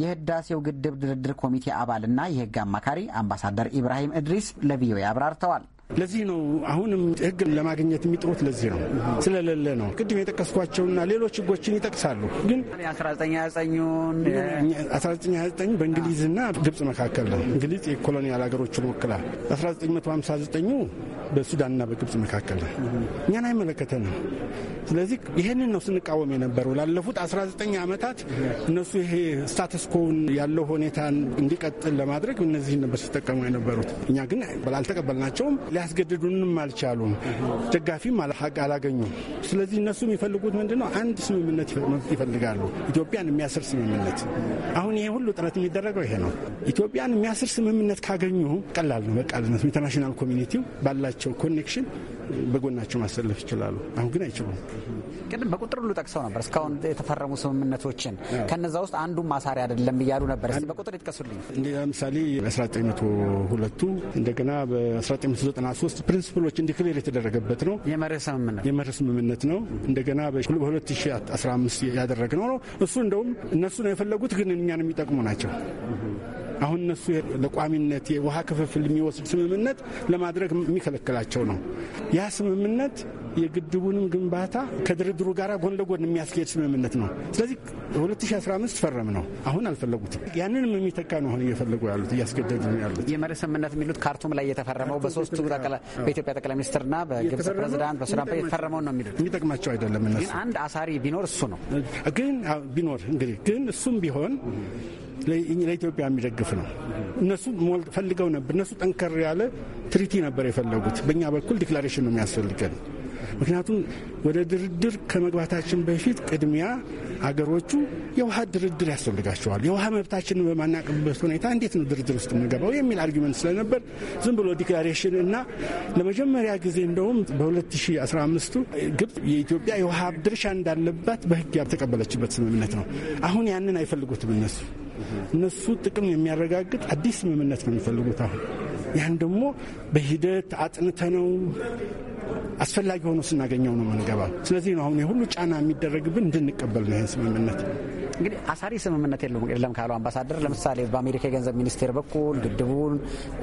የህዳሴው ግድብ ድርድር ኮሚቴ አባልና የህግ አማካሪ አምባሳደር ኢብራሂም እድሪስ ለቪኦኤ አብራርተዋል። ለዚህ ነው አሁንም ህግ ለማግኘት የሚጥሩት ለዚህ ነው ስለሌለ ነው። ቅድም የጠቀስኳቸውና ሌሎች ህጎችን ይጠቅሳሉ። ግን 1929 በእንግሊዝና ግብጽ መካከል ነው። እንግሊዝ የኮሎኒያል ሀገሮችን ወክላል። 1959 በሱዳንና በግብጽ መካከል ነው። እኛን አይመለከተንም። ስለዚህ ይህንን ነው ስንቃወም የነበረው ላለፉት 19 ዓመታት እነሱ ይሄ ኮውን ያለው ሁኔታ እንዲቀጥል ለማድረግ እነዚህን ነበር ሲጠቀሙ የነበሩት። እኛ ግን አልተቀበልናቸውም። ሊያስገድዱንም አልቻሉም። ደጋፊም አላገኙም። ስለዚህ እነሱ የሚፈልጉት ምንድን ነው? አንድ ስምምነት ይፈልጋሉ። ኢትዮጵያን የሚያስር ስምምነት። አሁን ይሄ ሁሉ ጥረት የሚደረገው ይሄ ነው። ኢትዮጵያን የሚያስር ስምምነት ካገኙ ቀላል ነው። በቃልነት ኢንተርናሽናል ኮሚኒቲው ባላቸው ኮኔክሽን በጎናቸው ማሰለፍ ይችላሉ። አሁን ግን አይችሉም። ቅድም በቁጥር ሁሉ ጠቅሰው ነበር እስካሁን የተፈረሙ ስምምነቶችን ከነዛ ውስጥ አንዱ ማሳሪያ አይደለም እያሉ ነበር። በቁጥር ይጥቀሱልኝ። ለምሳሌ በ 1902 እንደገና በ19 1993 ፕሪንስፕሎች እንዲክሌር የተደረገበት ነው። የመርህ ስምምነት ነው። እንደገና በ2015 ያደረግነው ነው። እሱ እንደውም እነሱ ነው የፈለጉት፣ ግን እኛን የሚጠቅሙ ናቸው። አሁን እነሱ ለቋሚነት የውሃ ክፍፍል የሚወስድ ስምምነት ለማድረግ የሚከለክላቸው ነው። ያ ስምምነት የግድቡንም ግንባታ ከድርድሩ ጋር ጎን ለጎን የሚያስኬድ ስምምነት ነው። ስለዚህ 2015 ፈረም ነው። አሁን አልፈለጉትም። ያንንም የሚተካ ነው አሁን እየፈለጉ ያሉት እያስገደዱ ያሉት የመሪ ስምምነት የሚሉት ካርቱም ላይ የተፈረመው በሶስቱ በኢትዮጵያ ጠቅላይ ሚኒስትርና በግብጽ ፕሬዚዳንት በሱዳን የተፈረመው ነው የሚሉት። የሚጠቅማቸው አይደለም። እነሱ ግን አንድ አሳሪ ቢኖር እሱ ነው። ግን ቢኖር እንግዲህ ግን እሱም ቢሆን ለኢትዮጵያ የሚደግፍ ነው። እነሱ ፈልገው ነበር። እነሱ ጠንከር ያለ ትሪቲ ነበር የፈለጉት። በእኛ በኩል ዲክላሬሽን ነው የሚያስፈልገን። ምክንያቱም ወደ ድርድር ከመግባታችን በፊት ቅድሚያ አገሮቹ የውሃ ድርድር ያስፈልጋቸዋል። የውሃ መብታችንን በማናቅበት ሁኔታ እንዴት ነው ድርድር ውስጥ የምንገባው የሚል አርጊመንት ስለነበር ዝም ብሎ ዲክላሬሽን እና ለመጀመሪያ ጊዜ እንደውም በ2015 ግብጽ የኢትዮጵያ የውሃ ድርሻ እንዳለባት በሕግ ያልተቀበለችበት ስምምነት ነው። አሁን ያንን አይፈልጉትም እነሱ እነሱ ጥቅም የሚያረጋግጥ አዲስ ስምምነት ነው የሚፈልጉት አሁን ያን ደግሞ በሂደት አጥንተ ነው አስፈላጊ ሆኖ ስናገኘው ነው የምንገባው። ስለዚህ ነው አሁን የሁሉ ጫና የሚደረግብን እንድንቀበል ነው ይህን ስምምነት። እንግዲህ አሳሪ ስምምነት የለም ካሉ አምባሳደር፣ ለምሳሌ በአሜሪካ የገንዘብ ሚኒስቴር በኩል ግድቡን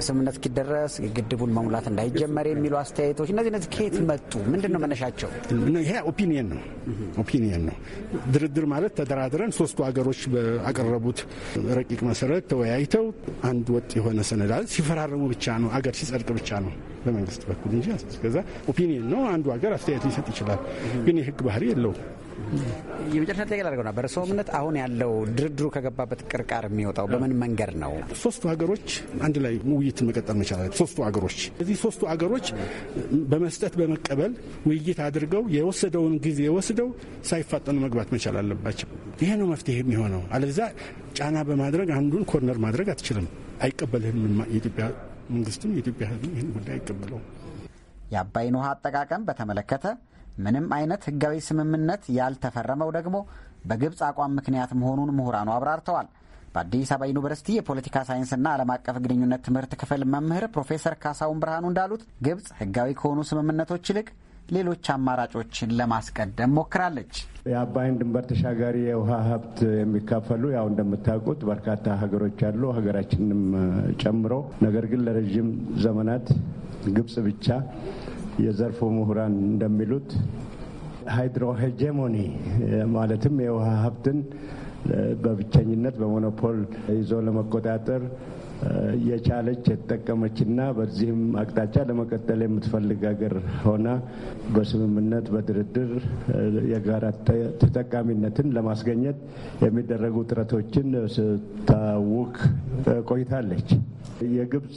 ስምምነት እስኪደረስ ግድቡን መሙላት እንዳይጀመር የሚሉ አስተያየቶች፣ እነዚህ እነዚህ ከየት መጡ? ምንድን ነው መነሻቸው? ይሄ ኦፒኒየን ነው ኦፒኒየን ነው። ድርድር ማለት ተደራድረን ሶስቱ ሀገሮች በአቀረቡት ረቂቅ መሰረት ተወያይተው አንድ ወጥ የሆነ ሰነድ ሲፈራረሙ ብቻ ነው አገር ሲጸድቅ ብቻ ነው በመንግስት በኩል እንጂ እስከዛ ኦፒኒየን ነው። አንዱ ሀገር አስተያየት ሊሰጥ ይችላል፣ ግን የህግ ባህሪ የለውም። የመጨረሻ ጥያቄ ላድርገው ነበር። በእርስዎ እምነት አሁን ያለው ድርድሩ ከገባበት ቅርቃር የሚወጣው በምን መንገድ ነው? ሶስቱ ሀገሮች አንድ ላይ ውይይት መቀጠል መቻላል። ሶስቱ ሀገሮች እዚህ ሶስቱ ሀገሮች በመስጠት በመቀበል ውይይት አድርገው የወሰደውን ጊዜ ወስደው ሳይፋጠኑ መግባት መቻል አለባቸው። ይሄ ነው መፍትሄ የሚሆነው። አለዛ ጫና በማድረግ አንዱን ኮርነር ማድረግ አትችልም። አይቀበልህም። የኢትዮጵያ መንግስትም የኢትዮጵያ ህዝብ ይህን ጉዳይ አይቀበለውም። የአባይን ውሃ አጠቃቀም በተመለከተ ምንም አይነት ህጋዊ ስምምነት ያልተፈረመው ደግሞ በግብፅ አቋም ምክንያት መሆኑን ምሁራኑ አብራርተዋል። በአዲስ አበባ ዩኒቨርሲቲ የፖለቲካ ሳይንስና ዓለም አቀፍ ግንኙነት ትምህርት ክፍል መምህር ፕሮፌሰር ካሳሁን ብርሃኑ እንዳሉት ግብፅ ህጋዊ ከሆኑ ስምምነቶች ይልቅ ሌሎች አማራጮችን ለማስቀደም ሞክራለች። የአባይን ድንበር ተሻጋሪ የውሃ ሀብት የሚካፈሉ ያው እንደምታውቁት በርካታ ሀገሮች አሉ፣ ሀገራችንም ጨምሮ። ነገር ግን ለረዥም ዘመናት ግብጽ ብቻ የዘርፉ ምሁራን እንደሚሉት ሃይድሮሄጀሞኒ ማለትም የውሃ ሀብትን በብቸኝነት በሞኖፖል ይዞ ለመቆጣጠር የቻለች የተጠቀመችና በዚህም አቅጣጫ ለመቀጠል የምትፈልግ ሀገር ሆና በስምምነት በድርድር የጋራ ተጠቃሚነትን ለማስገኘት የሚደረጉ ጥረቶችን ስታውክ ቆይታለች። የግብፅ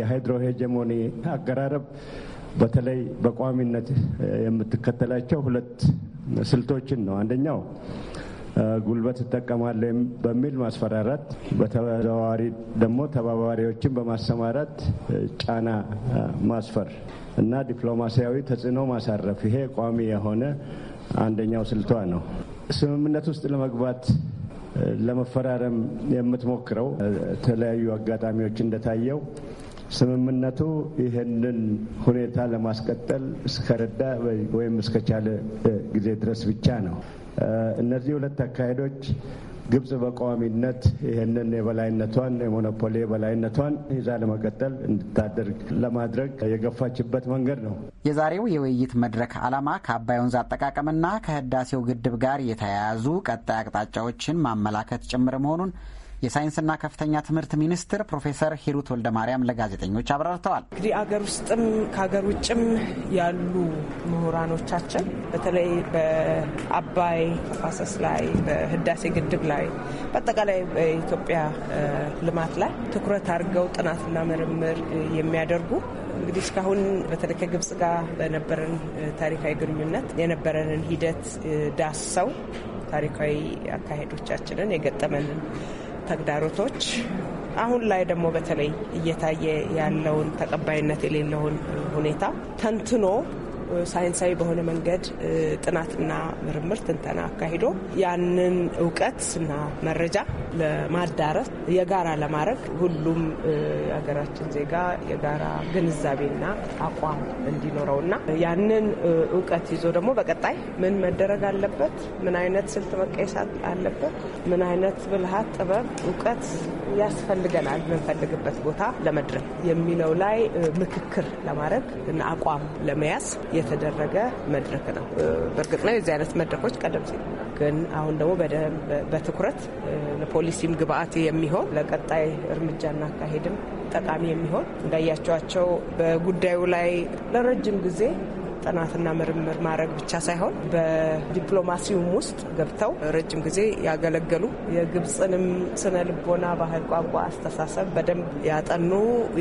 የሃይድሮ ሄጀሞኒ አቀራረብ በተለይ በቋሚነት የምትከተላቸው ሁለት ስልቶችን ነው። አንደኛው ጉልበት እጠቀማለሁ በሚል ማስፈራራት፣ በተዘዋዋሪ ደግሞ ተባባሪዎችን በማሰማራት ጫና ማስፈር እና ዲፕሎማሲያዊ ተጽዕኖ ማሳረፍ፣ ይሄ ቋሚ የሆነ አንደኛው ስልቷ ነው። ስምምነት ውስጥ ለመግባት ለመፈራረም የምትሞክረው የተለያዩ አጋጣሚዎች እንደታየው ስምምነቱ ይህንን ሁኔታ ለማስቀጠል እስከረዳ ወይም እስከቻለ ጊዜ ድረስ ብቻ ነው። እነዚህ ሁለት አካሄዶች ግብጽ በቋሚነት ይህንን የበላይነቷን የሞኖፖሊ የበላይነቷን ይዛ ለመቀጠል እንድታደርግ ለማድረግ የገፋችበት መንገድ ነው። የዛሬው የውይይት መድረክ ዓላማ ከአባይ ወንዝ አጠቃቀምና ከህዳሴው ግድብ ጋር የተያያዙ ቀጣይ አቅጣጫዎችን ማመላከት ጭምር መሆኑን የሳይንስና ከፍተኛ ትምህርት ሚኒስትር ፕሮፌሰር ሂሩት ወልደ ማርያም ለጋዜጠኞች አብራርተዋል። እንግዲህ አገር ውስጥም ከሀገር ውጭም ያሉ ምሁራኖቻችን በተለይ በአባይ ተፋሰስ ላይ፣ በህዳሴ ግድብ ላይ፣ በአጠቃላይ በኢትዮጵያ ልማት ላይ ትኩረት አድርገው ጥናትና ምርምር የሚያደርጉ እንግዲህ እስካሁን በተለይ ከግብጽ ጋር በነበረን ታሪካዊ ግንኙነት የነበረንን ሂደት ዳስሰው ታሪካዊ አካሄዶቻችንን የገጠመንን ተግዳሮቶች አሁን ላይ ደግሞ በተለይ እየታየ ያለውን ተቀባይነት የሌለውን ሁኔታ ተንትኖ ሳይንሳዊ በሆነ መንገድ ጥናትና ምርምር ትንተና አካሂዶ ያንን እውቀትና መረጃ ለማዳረስ የጋራ ለማድረግ ሁሉም የሀገራችን ዜጋ የጋራ ግንዛቤና አቋም እንዲኖረውና ያንን እውቀት ይዞ ደግሞ በቀጣይ ምን መደረግ አለበት፣ ምን አይነት ስልት መቀየሳት አለበት፣ ምን አይነት ብልሃት፣ ጥበብ፣ እውቀት ያስፈልገናል የምንፈልግበት ቦታ ለመድረግ የሚለው ላይ ምክክር ለማድረግ እና አቋም ለመያዝ የተደረገ መድረክ ነው። በእርግጥ ነው የዚህ አይነት መድረኮች ቀደም ሲል ግን አሁን ደግሞ በትኩረት ለፖሊሲም ግብአት የሚሆን ለቀጣይ እርምጃና አካሄድም ጠቃሚ የሚሆን እንዳያቸዋቸው በጉዳዩ ላይ ለረጅም ጊዜ ጥናትና ምርምር ማድረግ ብቻ ሳይሆን በዲፕሎማሲውም ውስጥ ገብተው ረጅም ጊዜ ያገለገሉ የግብፅንም ስነ ልቦና፣ ባህል፣ ቋንቋ፣ አስተሳሰብ በደንብ ያጠኑ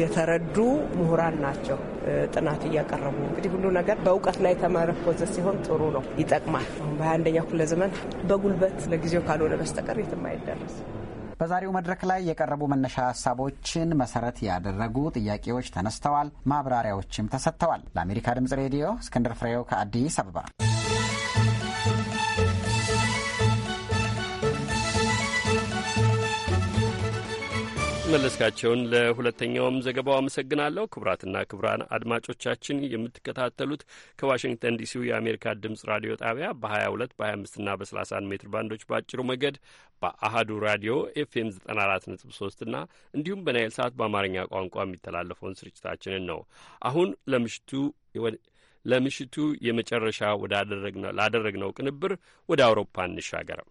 የተረዱ ምሁራን ናቸው። ጥናት እያቀረቡ እንግዲህ ሁሉ ነገር በእውቀት ላይ ተመረኮዘ ሲሆን ጥሩ ነው፣ ይጠቅማል። በ በሀያ አንደኛው ክፍለ ዘመን በጉልበት ለጊዜው ካልሆነ በስተቀር የትም አይደረስ። በዛሬው መድረክ ላይ የቀረቡ መነሻ ሀሳቦችን መሰረት ያደረጉ ጥያቄዎች ተነስተዋል፣ ማብራሪያዎችም ተሰጥተዋል። ለአሜሪካ ድምጽ ሬዲዮ እስክንድር ፍሬው ከአዲስ አበባ መለስካቸውን ለሁለተኛውም ዘገባው አመሰግናለሁ። ክቡራትና ክቡራን አድማጮቻችን የምትከታተሉት ከዋሽንግተን ዲሲው የአሜሪካ ድምጽ ራዲዮ ጣቢያ በ22 በ25ና በ31 ሜትር ባንዶች በአጭሩ ሞገድ በአሃዱ ራዲዮ ኤፍኤም 94.3 እና እንዲሁም በናይል ሰዓት በአማርኛ ቋንቋ የሚተላለፈውን ስርጭታችንን ነው። አሁን ለምሽቱ ለምሽቱ የመጨረሻ ወዳደረግነው ላደረግነው ቅንብር ወደ አውሮፓ እንሻገረው።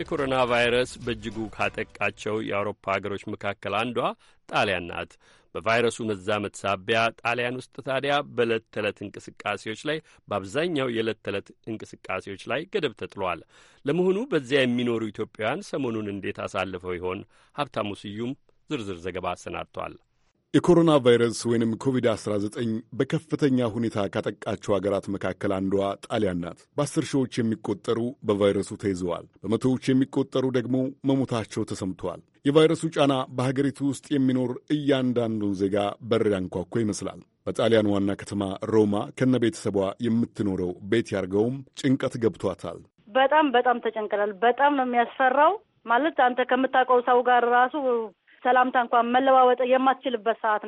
የኮሮና ቫይረስ በእጅጉ ካጠቃቸው የአውሮፓ ሀገሮች መካከል አንዷ ጣሊያን ናት። በቫይረሱ መዛመት ሳቢያ ጣሊያን ውስጥ ታዲያ በዕለት ተዕለት እንቅስቃሴዎች ላይ በአብዛኛው የዕለት ተዕለት እንቅስቃሴዎች ላይ ገደብ ተጥሏል። ለመሆኑ በዚያ የሚኖሩ ኢትዮጵያውያን ሰሞኑን እንዴት አሳልፈው ይሆን? ሀብታሙ ስዩም ዝርዝር ዘገባ አሰናድቷል። የኮሮና ቫይረስ ወይንም ኮቪድ-19 በከፍተኛ ሁኔታ ካጠቃቸው ሀገራት መካከል አንዷ ጣሊያን ናት። በአስር ሺዎች የሚቆጠሩ በቫይረሱ ተይዘዋል። በመቶዎች የሚቆጠሩ ደግሞ መሞታቸው ተሰምተዋል። የቫይረሱ ጫና በሀገሪቱ ውስጥ የሚኖር እያንዳንዱን ዜጋ በር ያንኳኳ ይመስላል። በጣሊያን ዋና ከተማ ሮማ ከነ ቤተሰቧ የምትኖረው ቤት ያርገውም ጭንቀት ገብቷታል። በጣም በጣም ተጨንቀናል። በጣም ነው የሚያስፈራው ማለት አንተ ከምታውቀው ሰው ጋር ራሱ ሰላምታ እንኳን መለዋወጥ የማትችልበት ሰዓት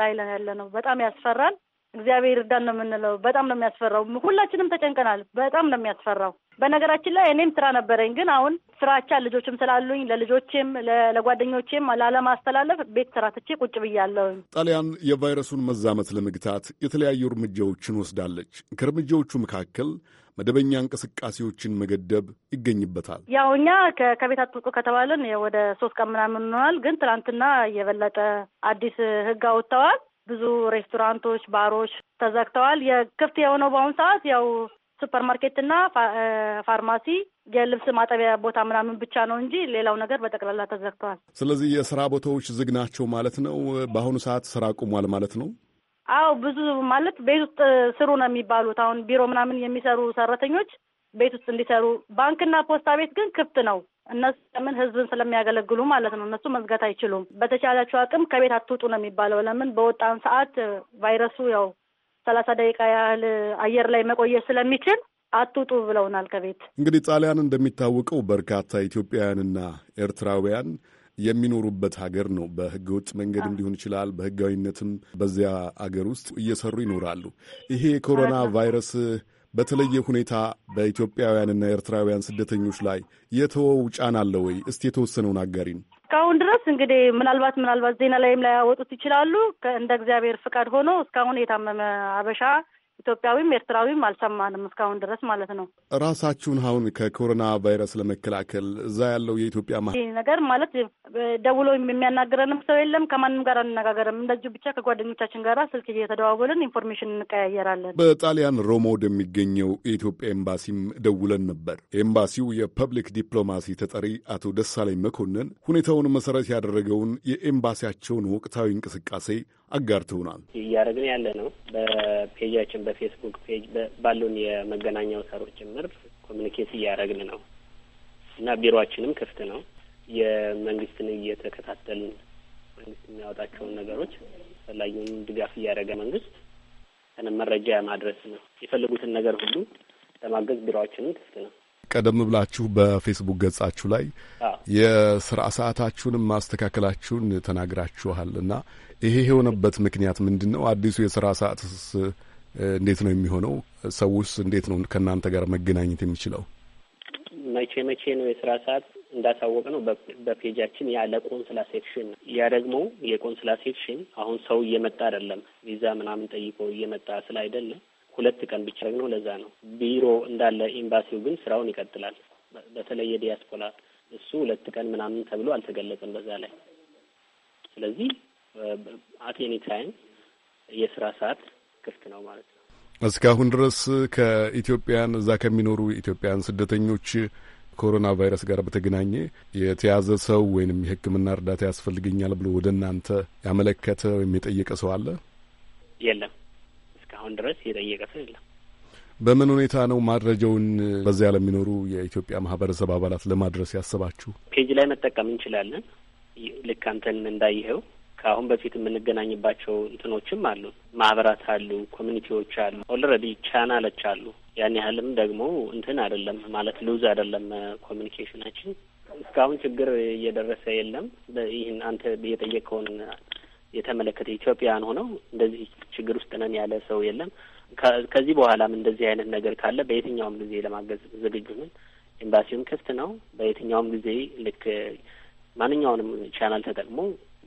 ላይ ያለ ነው። በጣም ያስፈራል። እግዚአብሔር እርዳን ነው የምንለው። በጣም ነው የሚያስፈራው። ሁላችንም ተጨንቀናል። በጣም ነው የሚያስፈራው። በነገራችን ላይ እኔም ስራ ነበረኝ፣ ግን አሁን ስራቻ ልጆችም ስላሉኝ ለልጆችም ለጓደኞቼም ላለማስተላለፍ ቤት ስራ ትቼ ቁጭ ብያለሁኝ። ጣሊያን የቫይረሱን መዛመት ለመግታት የተለያዩ እርምጃዎችን ወስዳለች። ከእርምጃዎቹ መካከል መደበኛ እንቅስቃሴዎችን መገደብ ይገኝበታል። ያው እኛ ከቤት አትውጡ ከተባልን ወደ ሶስት ቀን ምናምን ሆኗል። ግን ትናንትና የበለጠ አዲስ ህግ አውጥተዋል። ብዙ ሬስቶራንቶች፣ ባሮች ተዘግተዋል። የክፍት የሆነው በአሁኑ ሰዓት ያው ሱፐር ማርኬትና ፋርማሲ የልብስ ማጠቢያ ቦታ ምናምን ብቻ ነው እንጂ ሌላው ነገር በጠቅላላ ተዘግተዋል። ስለዚህ የስራ ቦታዎች ዝግ ናቸው ማለት ነው። በአሁኑ ሰዓት ስራ ቁሟል ማለት ነው። አዎ ብዙ ማለት ቤት ውስጥ ስሩ ነው የሚባሉት። አሁን ቢሮ ምናምን የሚሰሩ ሰራተኞች ቤት ውስጥ እንዲሰሩ፣ ባንክና ፖስታ ቤት ግን ክፍት ነው። እነሱ ለምን ህዝብን ስለሚያገለግሉ ማለት ነው። እነሱ መዝጋት አይችሉም። በተቻላቸው አቅም ከቤት አትውጡ ነው የሚባለው። ለምን በወጣን ሰዓት ቫይረሱ ያው ሰላሳ ደቂቃ ያህል አየር ላይ መቆየት ስለሚችል አትውጡ ብለውናል። ከቤት እንግዲህ ጣሊያን እንደሚታወቀው በርካታ ኢትዮጵያውያንና ኤርትራውያን የሚኖሩበት ሀገር ነው። በህገ ወጥ መንገድም ሊሆን ይችላል፣ በህጋዊነትም በዚያ አገር ውስጥ እየሰሩ ይኖራሉ። ይሄ የኮሮና ቫይረስ በተለየ ሁኔታ በኢትዮጵያውያንና ኤርትራውያን ስደተኞች ላይ የተወው ጫና አለ ወይ? እስቲ የተወሰነውን አጋሪን። እስካሁን ድረስ እንግዲህ ምናልባት ምናልባት ዜና ላይም ላያወጡት ይችላሉ። እንደ እግዚአብሔር ፍቃድ ሆኖ እስካሁን የታመመ አበሻ ኢትዮጵያዊም ኤርትራዊም አልሰማንም እስካሁን ድረስ ማለት ነው። ራሳችሁን አሁን ከኮሮና ቫይረስ ለመከላከል እዛ ያለው የኢትዮጵያ ነገር ማለት ደውሎ የሚያናግረንም ሰው የለም። ከማንም ጋር አነጋገርም እንደዚሁ ብቻ ከጓደኞቻችን ጋር ስልክ እየተደዋወልን ኢንፎርሜሽን እንቀያየራለን። በጣሊያን ሮሞ ወደሚገኘው የኢትዮጵያ ኤምባሲም ደውለን ነበር። ኤምባሲው የፐብሊክ ዲፕሎማሲ ተጠሪ አቶ ደሳለኝ መኮንን ሁኔታውን መሰረት ያደረገውን የኤምባሲያቸውን ወቅታዊ እንቅስቃሴ አጋርተውናል። እያደረግን ያለ ነው። በፔጃችን በፌስቡክ ፔጅ ባሉን የመገናኛ አውታሮች ጭምር ኮሚኒኬት እያደረግን ነው እና ቢሮችንም ክፍት ነው። የመንግስትን እየተከታተልን መንግስት የሚያወጣቸውን ነገሮች አስፈላጊውን ድጋፍ እያደረገ መንግስት መረጃ ማድረስ ነው። የፈለጉትን ነገር ሁሉ ለማገዝ ቢሮችንም ክፍት ነው። ቀደም ብላችሁ በፌስቡክ ገጻችሁ ላይ የስራ ሰዓታችሁንም ማስተካከላችሁን ተናግራችኋል እና ይሄ የሆነበት ምክንያት ምንድን ነው? አዲሱ የስራ ሰዓትስ እንዴት ነው የሚሆነው? ሰውስ እንዴት ነው ከእናንተ ጋር መገናኘት የሚችለው? መቼ መቼ ነው የስራ ሰዓት? እንዳሳወቅ ነው በፔጃችን ያለ ቆንስላ ሴክሽን ያ ደግሞ የቆንስላ ሴክሽን አሁን ሰው እየመጣ አይደለም፣ ቪዛ ምናምን ጠይቆ እየመጣ ስለ አይደለም ሁለት ቀን ብቻ ነው። ለዛ ነው ቢሮ እንዳለ ኤምባሲው ግን ስራውን ይቀጥላል። በተለይ የዲያስፖራ እሱ ሁለት ቀን ምናምን ተብሎ አልተገለጸም በዛ ላይ። ስለዚህ አቴኒ ታይም የስራ ሰዓት ክፍት ነው ማለት ነው። እስካሁን ድረስ ከኢትዮጵያን እዛ ከሚኖሩ ኢትዮጵያን ስደተኞች ኮሮና ቫይረስ ጋር በተገናኘ የተያዘ ሰው ወይንም የሕክምና እርዳታ ያስፈልገኛል ብሎ ወደ እናንተ ያመለከተ ወይም የጠየቀ ሰው አለ? የለም። እስካሁን ድረስ የጠየቀ ሰው የለም። በምን ሁኔታ ነው ማድረጃውን በዚያ ለሚኖሩ የኢትዮጵያ ማህበረሰብ አባላት ለማድረስ ያስባችሁ? ፔጅ ላይ መጠቀም እንችላለን። ልክ አንተን እንዳይኸው ከአሁን በፊት የምንገናኝባቸው እንትኖችም አሉ፣ ማህበራት አሉ፣ ኮሚኒቲዎች አሉ፣ ኦልረዲ ቻናሎች አሉ። ያን ያህልም ደግሞ እንትን አይደለም ማለት ሉዝ አይደለም ኮሚኒኬሽናችን። እስካሁን ችግር እየደረሰ የለም። ይህን አንተ የጠየቀውን የተመለከተ ኢትዮጵያን ሆነው እንደዚህ ችግር ውስጥ ነን ያለ ሰው የለም። ከዚህ በኋላም እንደዚህ አይነት ነገር ካለ በየትኛውም ጊዜ ለማገዝ ዝግጁ ነን። ኤምባሲውም ክፍት ነው። በየትኛውም ጊዜ ልክ ማንኛውንም ቻናል ተጠቅሞ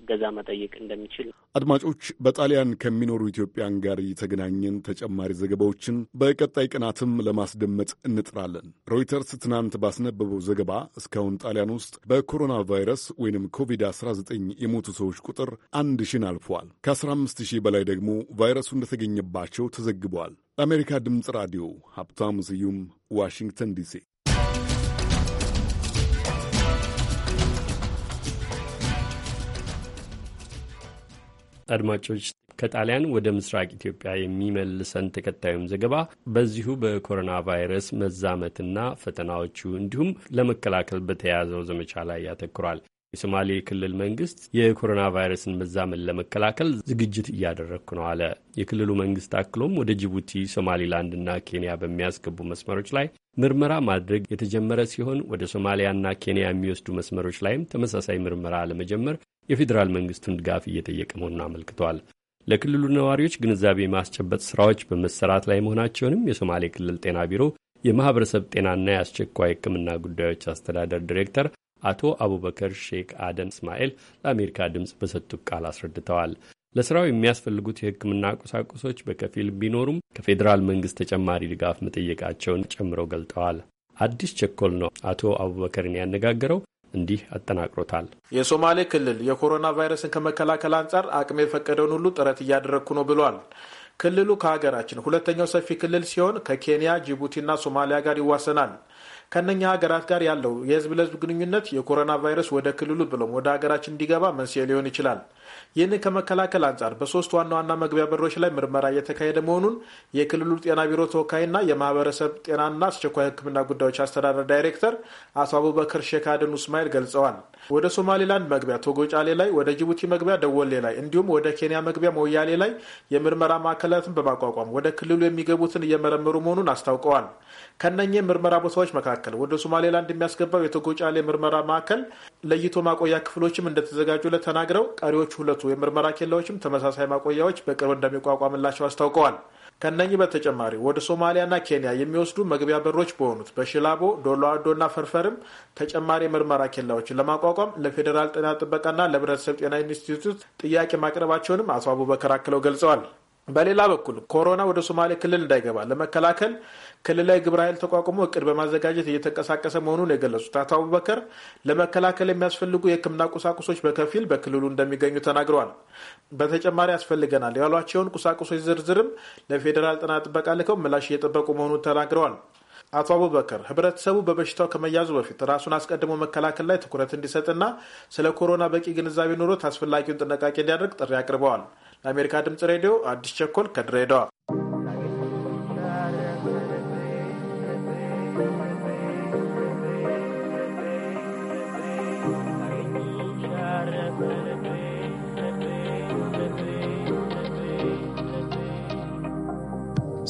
እገዛ መጠየቅ እንደሚችል። አድማጮች፣ በጣሊያን ከሚኖሩ ኢትዮጵያን ጋር የተገናኘን ተጨማሪ ዘገባዎችን በቀጣይ ቀናትም ለማስደመጥ እንጥራለን። ሮይተርስ ትናንት ባስነበበው ዘገባ እስካሁን ጣሊያን ውስጥ በኮሮና ቫይረስ ወይንም ኮቪድ-19 የሞቱ ሰዎች ቁጥር አንድ ሺን አልፏል። ከ15 ሺህ በላይ ደግሞ ቫይረሱ እንደተገኘባቸው ተዘግቧል። ለአሜሪካ ድምፅ ራዲዮ ሀብታሙ ስዩም ዋሽንግተን ዲሲ አድማጮች ከጣሊያን ወደ ምስራቅ ኢትዮጵያ የሚመልሰን ተከታዩም ዘገባ በዚሁ በኮሮና ቫይረስ መዛመትና ፈተናዎቹ እንዲሁም ለመከላከል በተያያዘው ዘመቻ ላይ ያተኩራል። የሶማሌ ክልል መንግስት የኮሮና ቫይረስን መዛመን ለመከላከል ዝግጅት እያደረግኩ ነው አለ። የክልሉ መንግስት አክሎም ወደ ጅቡቲ፣ ሶማሊላንድና ኬንያ በሚያስገቡ መስመሮች ላይ ምርመራ ማድረግ የተጀመረ ሲሆን ወደ ሶማሊያና ኬንያ የሚወስዱ መስመሮች ላይም ተመሳሳይ ምርመራ ለመጀመር የፌዴራል መንግስቱን ድጋፍ እየጠየቀ መሆኑን አመልክቷል። ለክልሉ ነዋሪዎች ግንዛቤ የማስጨበጥ ስራዎች በመሰራት ላይ መሆናቸውንም የሶማሌ ክልል ጤና ቢሮ የማህበረሰብ ጤናና የአስቸኳይ ሕክምና ጉዳዮች አስተዳደር ዲሬክተር አቶ አቡበከር ሼክ አደን እስማኤል ለአሜሪካ ድምፅ በሰጡት ቃል አስረድተዋል። ለስራው የሚያስፈልጉት የሕክምና ቁሳቁሶች በከፊል ቢኖሩም ከፌዴራል መንግስት ተጨማሪ ድጋፍ መጠየቃቸውን ጨምረው ገልጠዋል። አዲስ ቸኮል ነው አቶ አቡበከርን ያነጋገረው። እንዲህ አጠናቅሮታል። የሶማሌ ክልል የኮሮና ቫይረስን ከመከላከል አንጻር አቅም የፈቀደውን ሁሉ ጥረት እያደረግኩ ነው ብሏል። ክልሉ ከሀገራችን ሁለተኛው ሰፊ ክልል ሲሆን ከኬንያ ጅቡቲና ሶማሊያ ጋር ይዋሰናል። ከነኛ ሀገራት ጋር ያለው የህዝብ ለህዝብ ግንኙነት የኮሮና ቫይረስ ወደ ክልሉ ብሎም ወደ ሀገራችን እንዲገባ መንስኤ ሊሆን ይችላል። ይህንን ከመከላከል አንጻር በሶስት ዋና ዋና መግቢያ በሮች ላይ ምርመራ እየተካሄደ መሆኑን የክልሉ ጤና ቢሮ ተወካይና የማህበረሰብ ጤናና አስቸኳይ ሕክምና ጉዳዮች አስተዳደር ዳይሬክተር አቶ አቡበከር ሼክ አደን እስማኤል ገልጸዋል። ወደ ሶማሌላንድ መግቢያ ቶጎ ጫሌ ላይ፣ ወደ ጅቡቲ መግቢያ ደወሌ ላይ እንዲሁም ወደ ኬንያ መግቢያ ሞያሌ ላይ የምርመራ ማዕከላትን በማቋቋም ወደ ክልሉ የሚገቡትን እየመረመሩ መሆኑን አስታውቀዋል። ከነኚህ ምርመራ ቦታዎች መካከል ወደ ሶማሌላንድ የሚያስገባው የቶጎ ጫሌ ምርመራ ማዕከል ለይቶ ማቆያ ክፍሎችም እንደተዘጋጁ ተናግረው ቀሪዎቹ ሁለቱ የሚመረቱ የምርመራ ኬላዎችም ተመሳሳይ ማቆያዎች በቅርብ እንደሚቋቋምላቸው አስታውቀዋል። ከነኚህ በተጨማሪ ወደ ሶማሊያና ኬንያ የሚወስዱ መግቢያ በሮች በሆኑት በሽላቦ ዶሎ አዶና ፈርፈርም ተጨማሪ የምርመራ ኬላዎችን ለማቋቋም ለፌዴራል ጤና ጥበቃና ለህብረተሰብ ጤና ኢንስቲትዩት ጥያቄ ማቅረባቸውንም አቶ አቡበከር አክለው ገልጸዋል። በሌላ በኩል ኮሮና ወደ ሶማሌ ክልል እንዳይገባ ለመከላከል ክልላዊ ግብረ ኃይል ተቋቁሞ እቅድ በማዘጋጀት እየተንቀሳቀሰ መሆኑን የገለጹት አቶ አቡበከር ለመከላከል የሚያስፈልጉ የሕክምና ቁሳቁሶች በከፊል በክልሉ እንደሚገኙ ተናግረዋል። በተጨማሪ ያስፈልገናል ያሏቸውን ቁሳቁሶች ዝርዝርም ለፌዴራል ጤና ጥበቃ ልከው ምላሽ እየጠበቁ መሆኑን ተናግረዋል። አቶ አቡበከር ህብረተሰቡ በበሽታው ከመያዙ በፊት ራሱን አስቀድሞ መከላከል ላይ ትኩረት እንዲሰጥና ስለ ኮሮና በቂ ግንዛቤ ኖሮት አስፈላጊውን ጥንቃቄ እንዲያደርግ ጥሪ አቅርበዋል። ለአሜሪካ ድምጽ ሬዲዮ አዲስ ቸኮል ከድሬዳዋ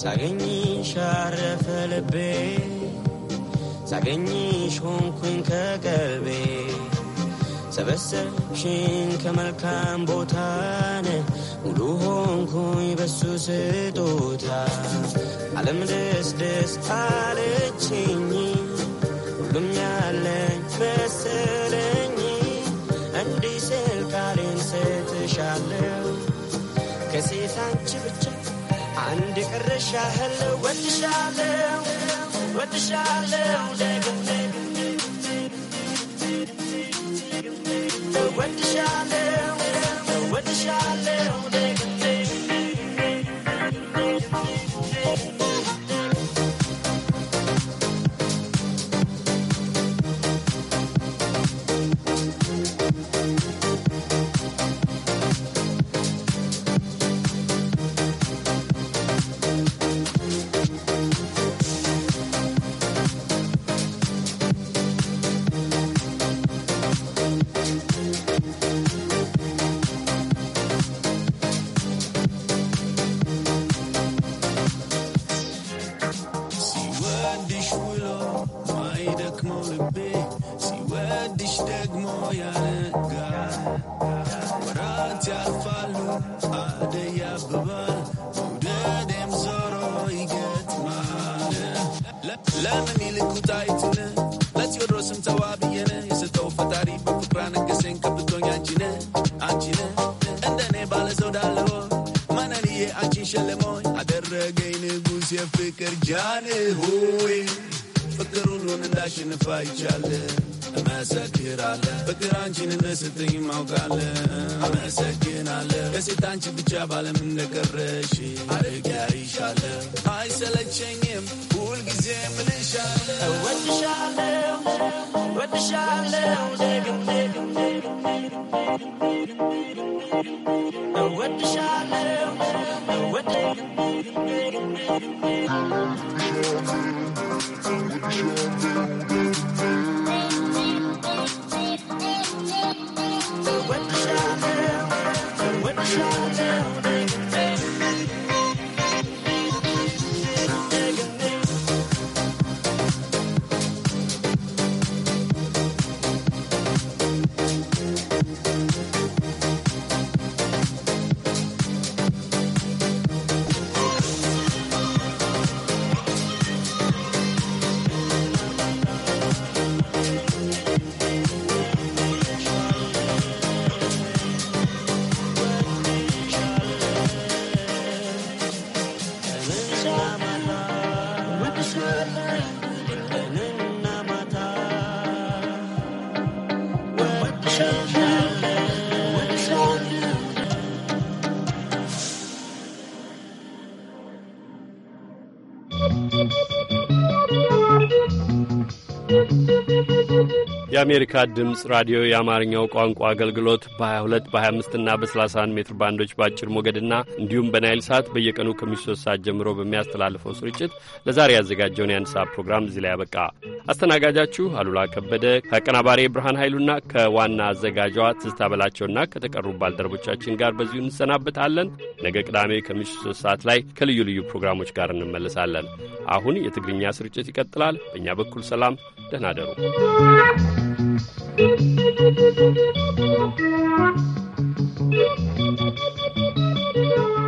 ሳገኝሽ አረፈ ልቤ ሳገኝሽ ሆንኩኝ ከቀልቤ ሰበሰብሽን ከመልካም ቦታን ሙሉ ሆንኩኝ በሱ ስጦታ ዓለም ደስ ደስ አለችኝ ሁሉም ያለኝ መሰ አንድ ቀረሽ ያህል ወድሻለው ወድሻለው ደግሜ ወድሻለው ወድሻለው ብቻ ባለምን እንደቀረሽ አድርግ ያይሻለ አይሰለቸኝም ሁልጊዜ ምልሻለሁ ወድሻለሁ ወድሻለሁ ደግም ደግም ወድሻለሁ ወድሻለሁ slow down, baby. የአሜሪካ ድምፅ ራዲዮ የአማርኛው ቋንቋ አገልግሎት በ22 በ25 እና በ31 ሜትር ባንዶች በአጭር ሞገድና እንዲሁም በናይል ሰዓት በየቀኑ ከምሽቱ ሰዓት ጀምሮ በሚያስተላልፈው ስርጭት ለዛሬ ያዘጋጀውን የአንድ ሰዓት ፕሮግራም እዚህ ላይ ያበቃ። አስተናጋጃችሁ አሉላ ከበደ ከአቀናባሪ ብርሃን ኃይሉና ከዋና አዘጋጇ ትዝታ በላቸውና ከተቀሩ ባልደረቦቻችን ጋር በዚሁ እንሰናበታለን። ነገ ቅዳሜ ከምሽቱ ሰዓት ላይ ከልዩ ልዩ ፕሮግራሞች ጋር እንመለሳለን። አሁን የትግርኛ ስርጭት ይቀጥላል። በእኛ በኩል ሰላም፣ ደህና ደሩ። Thank you.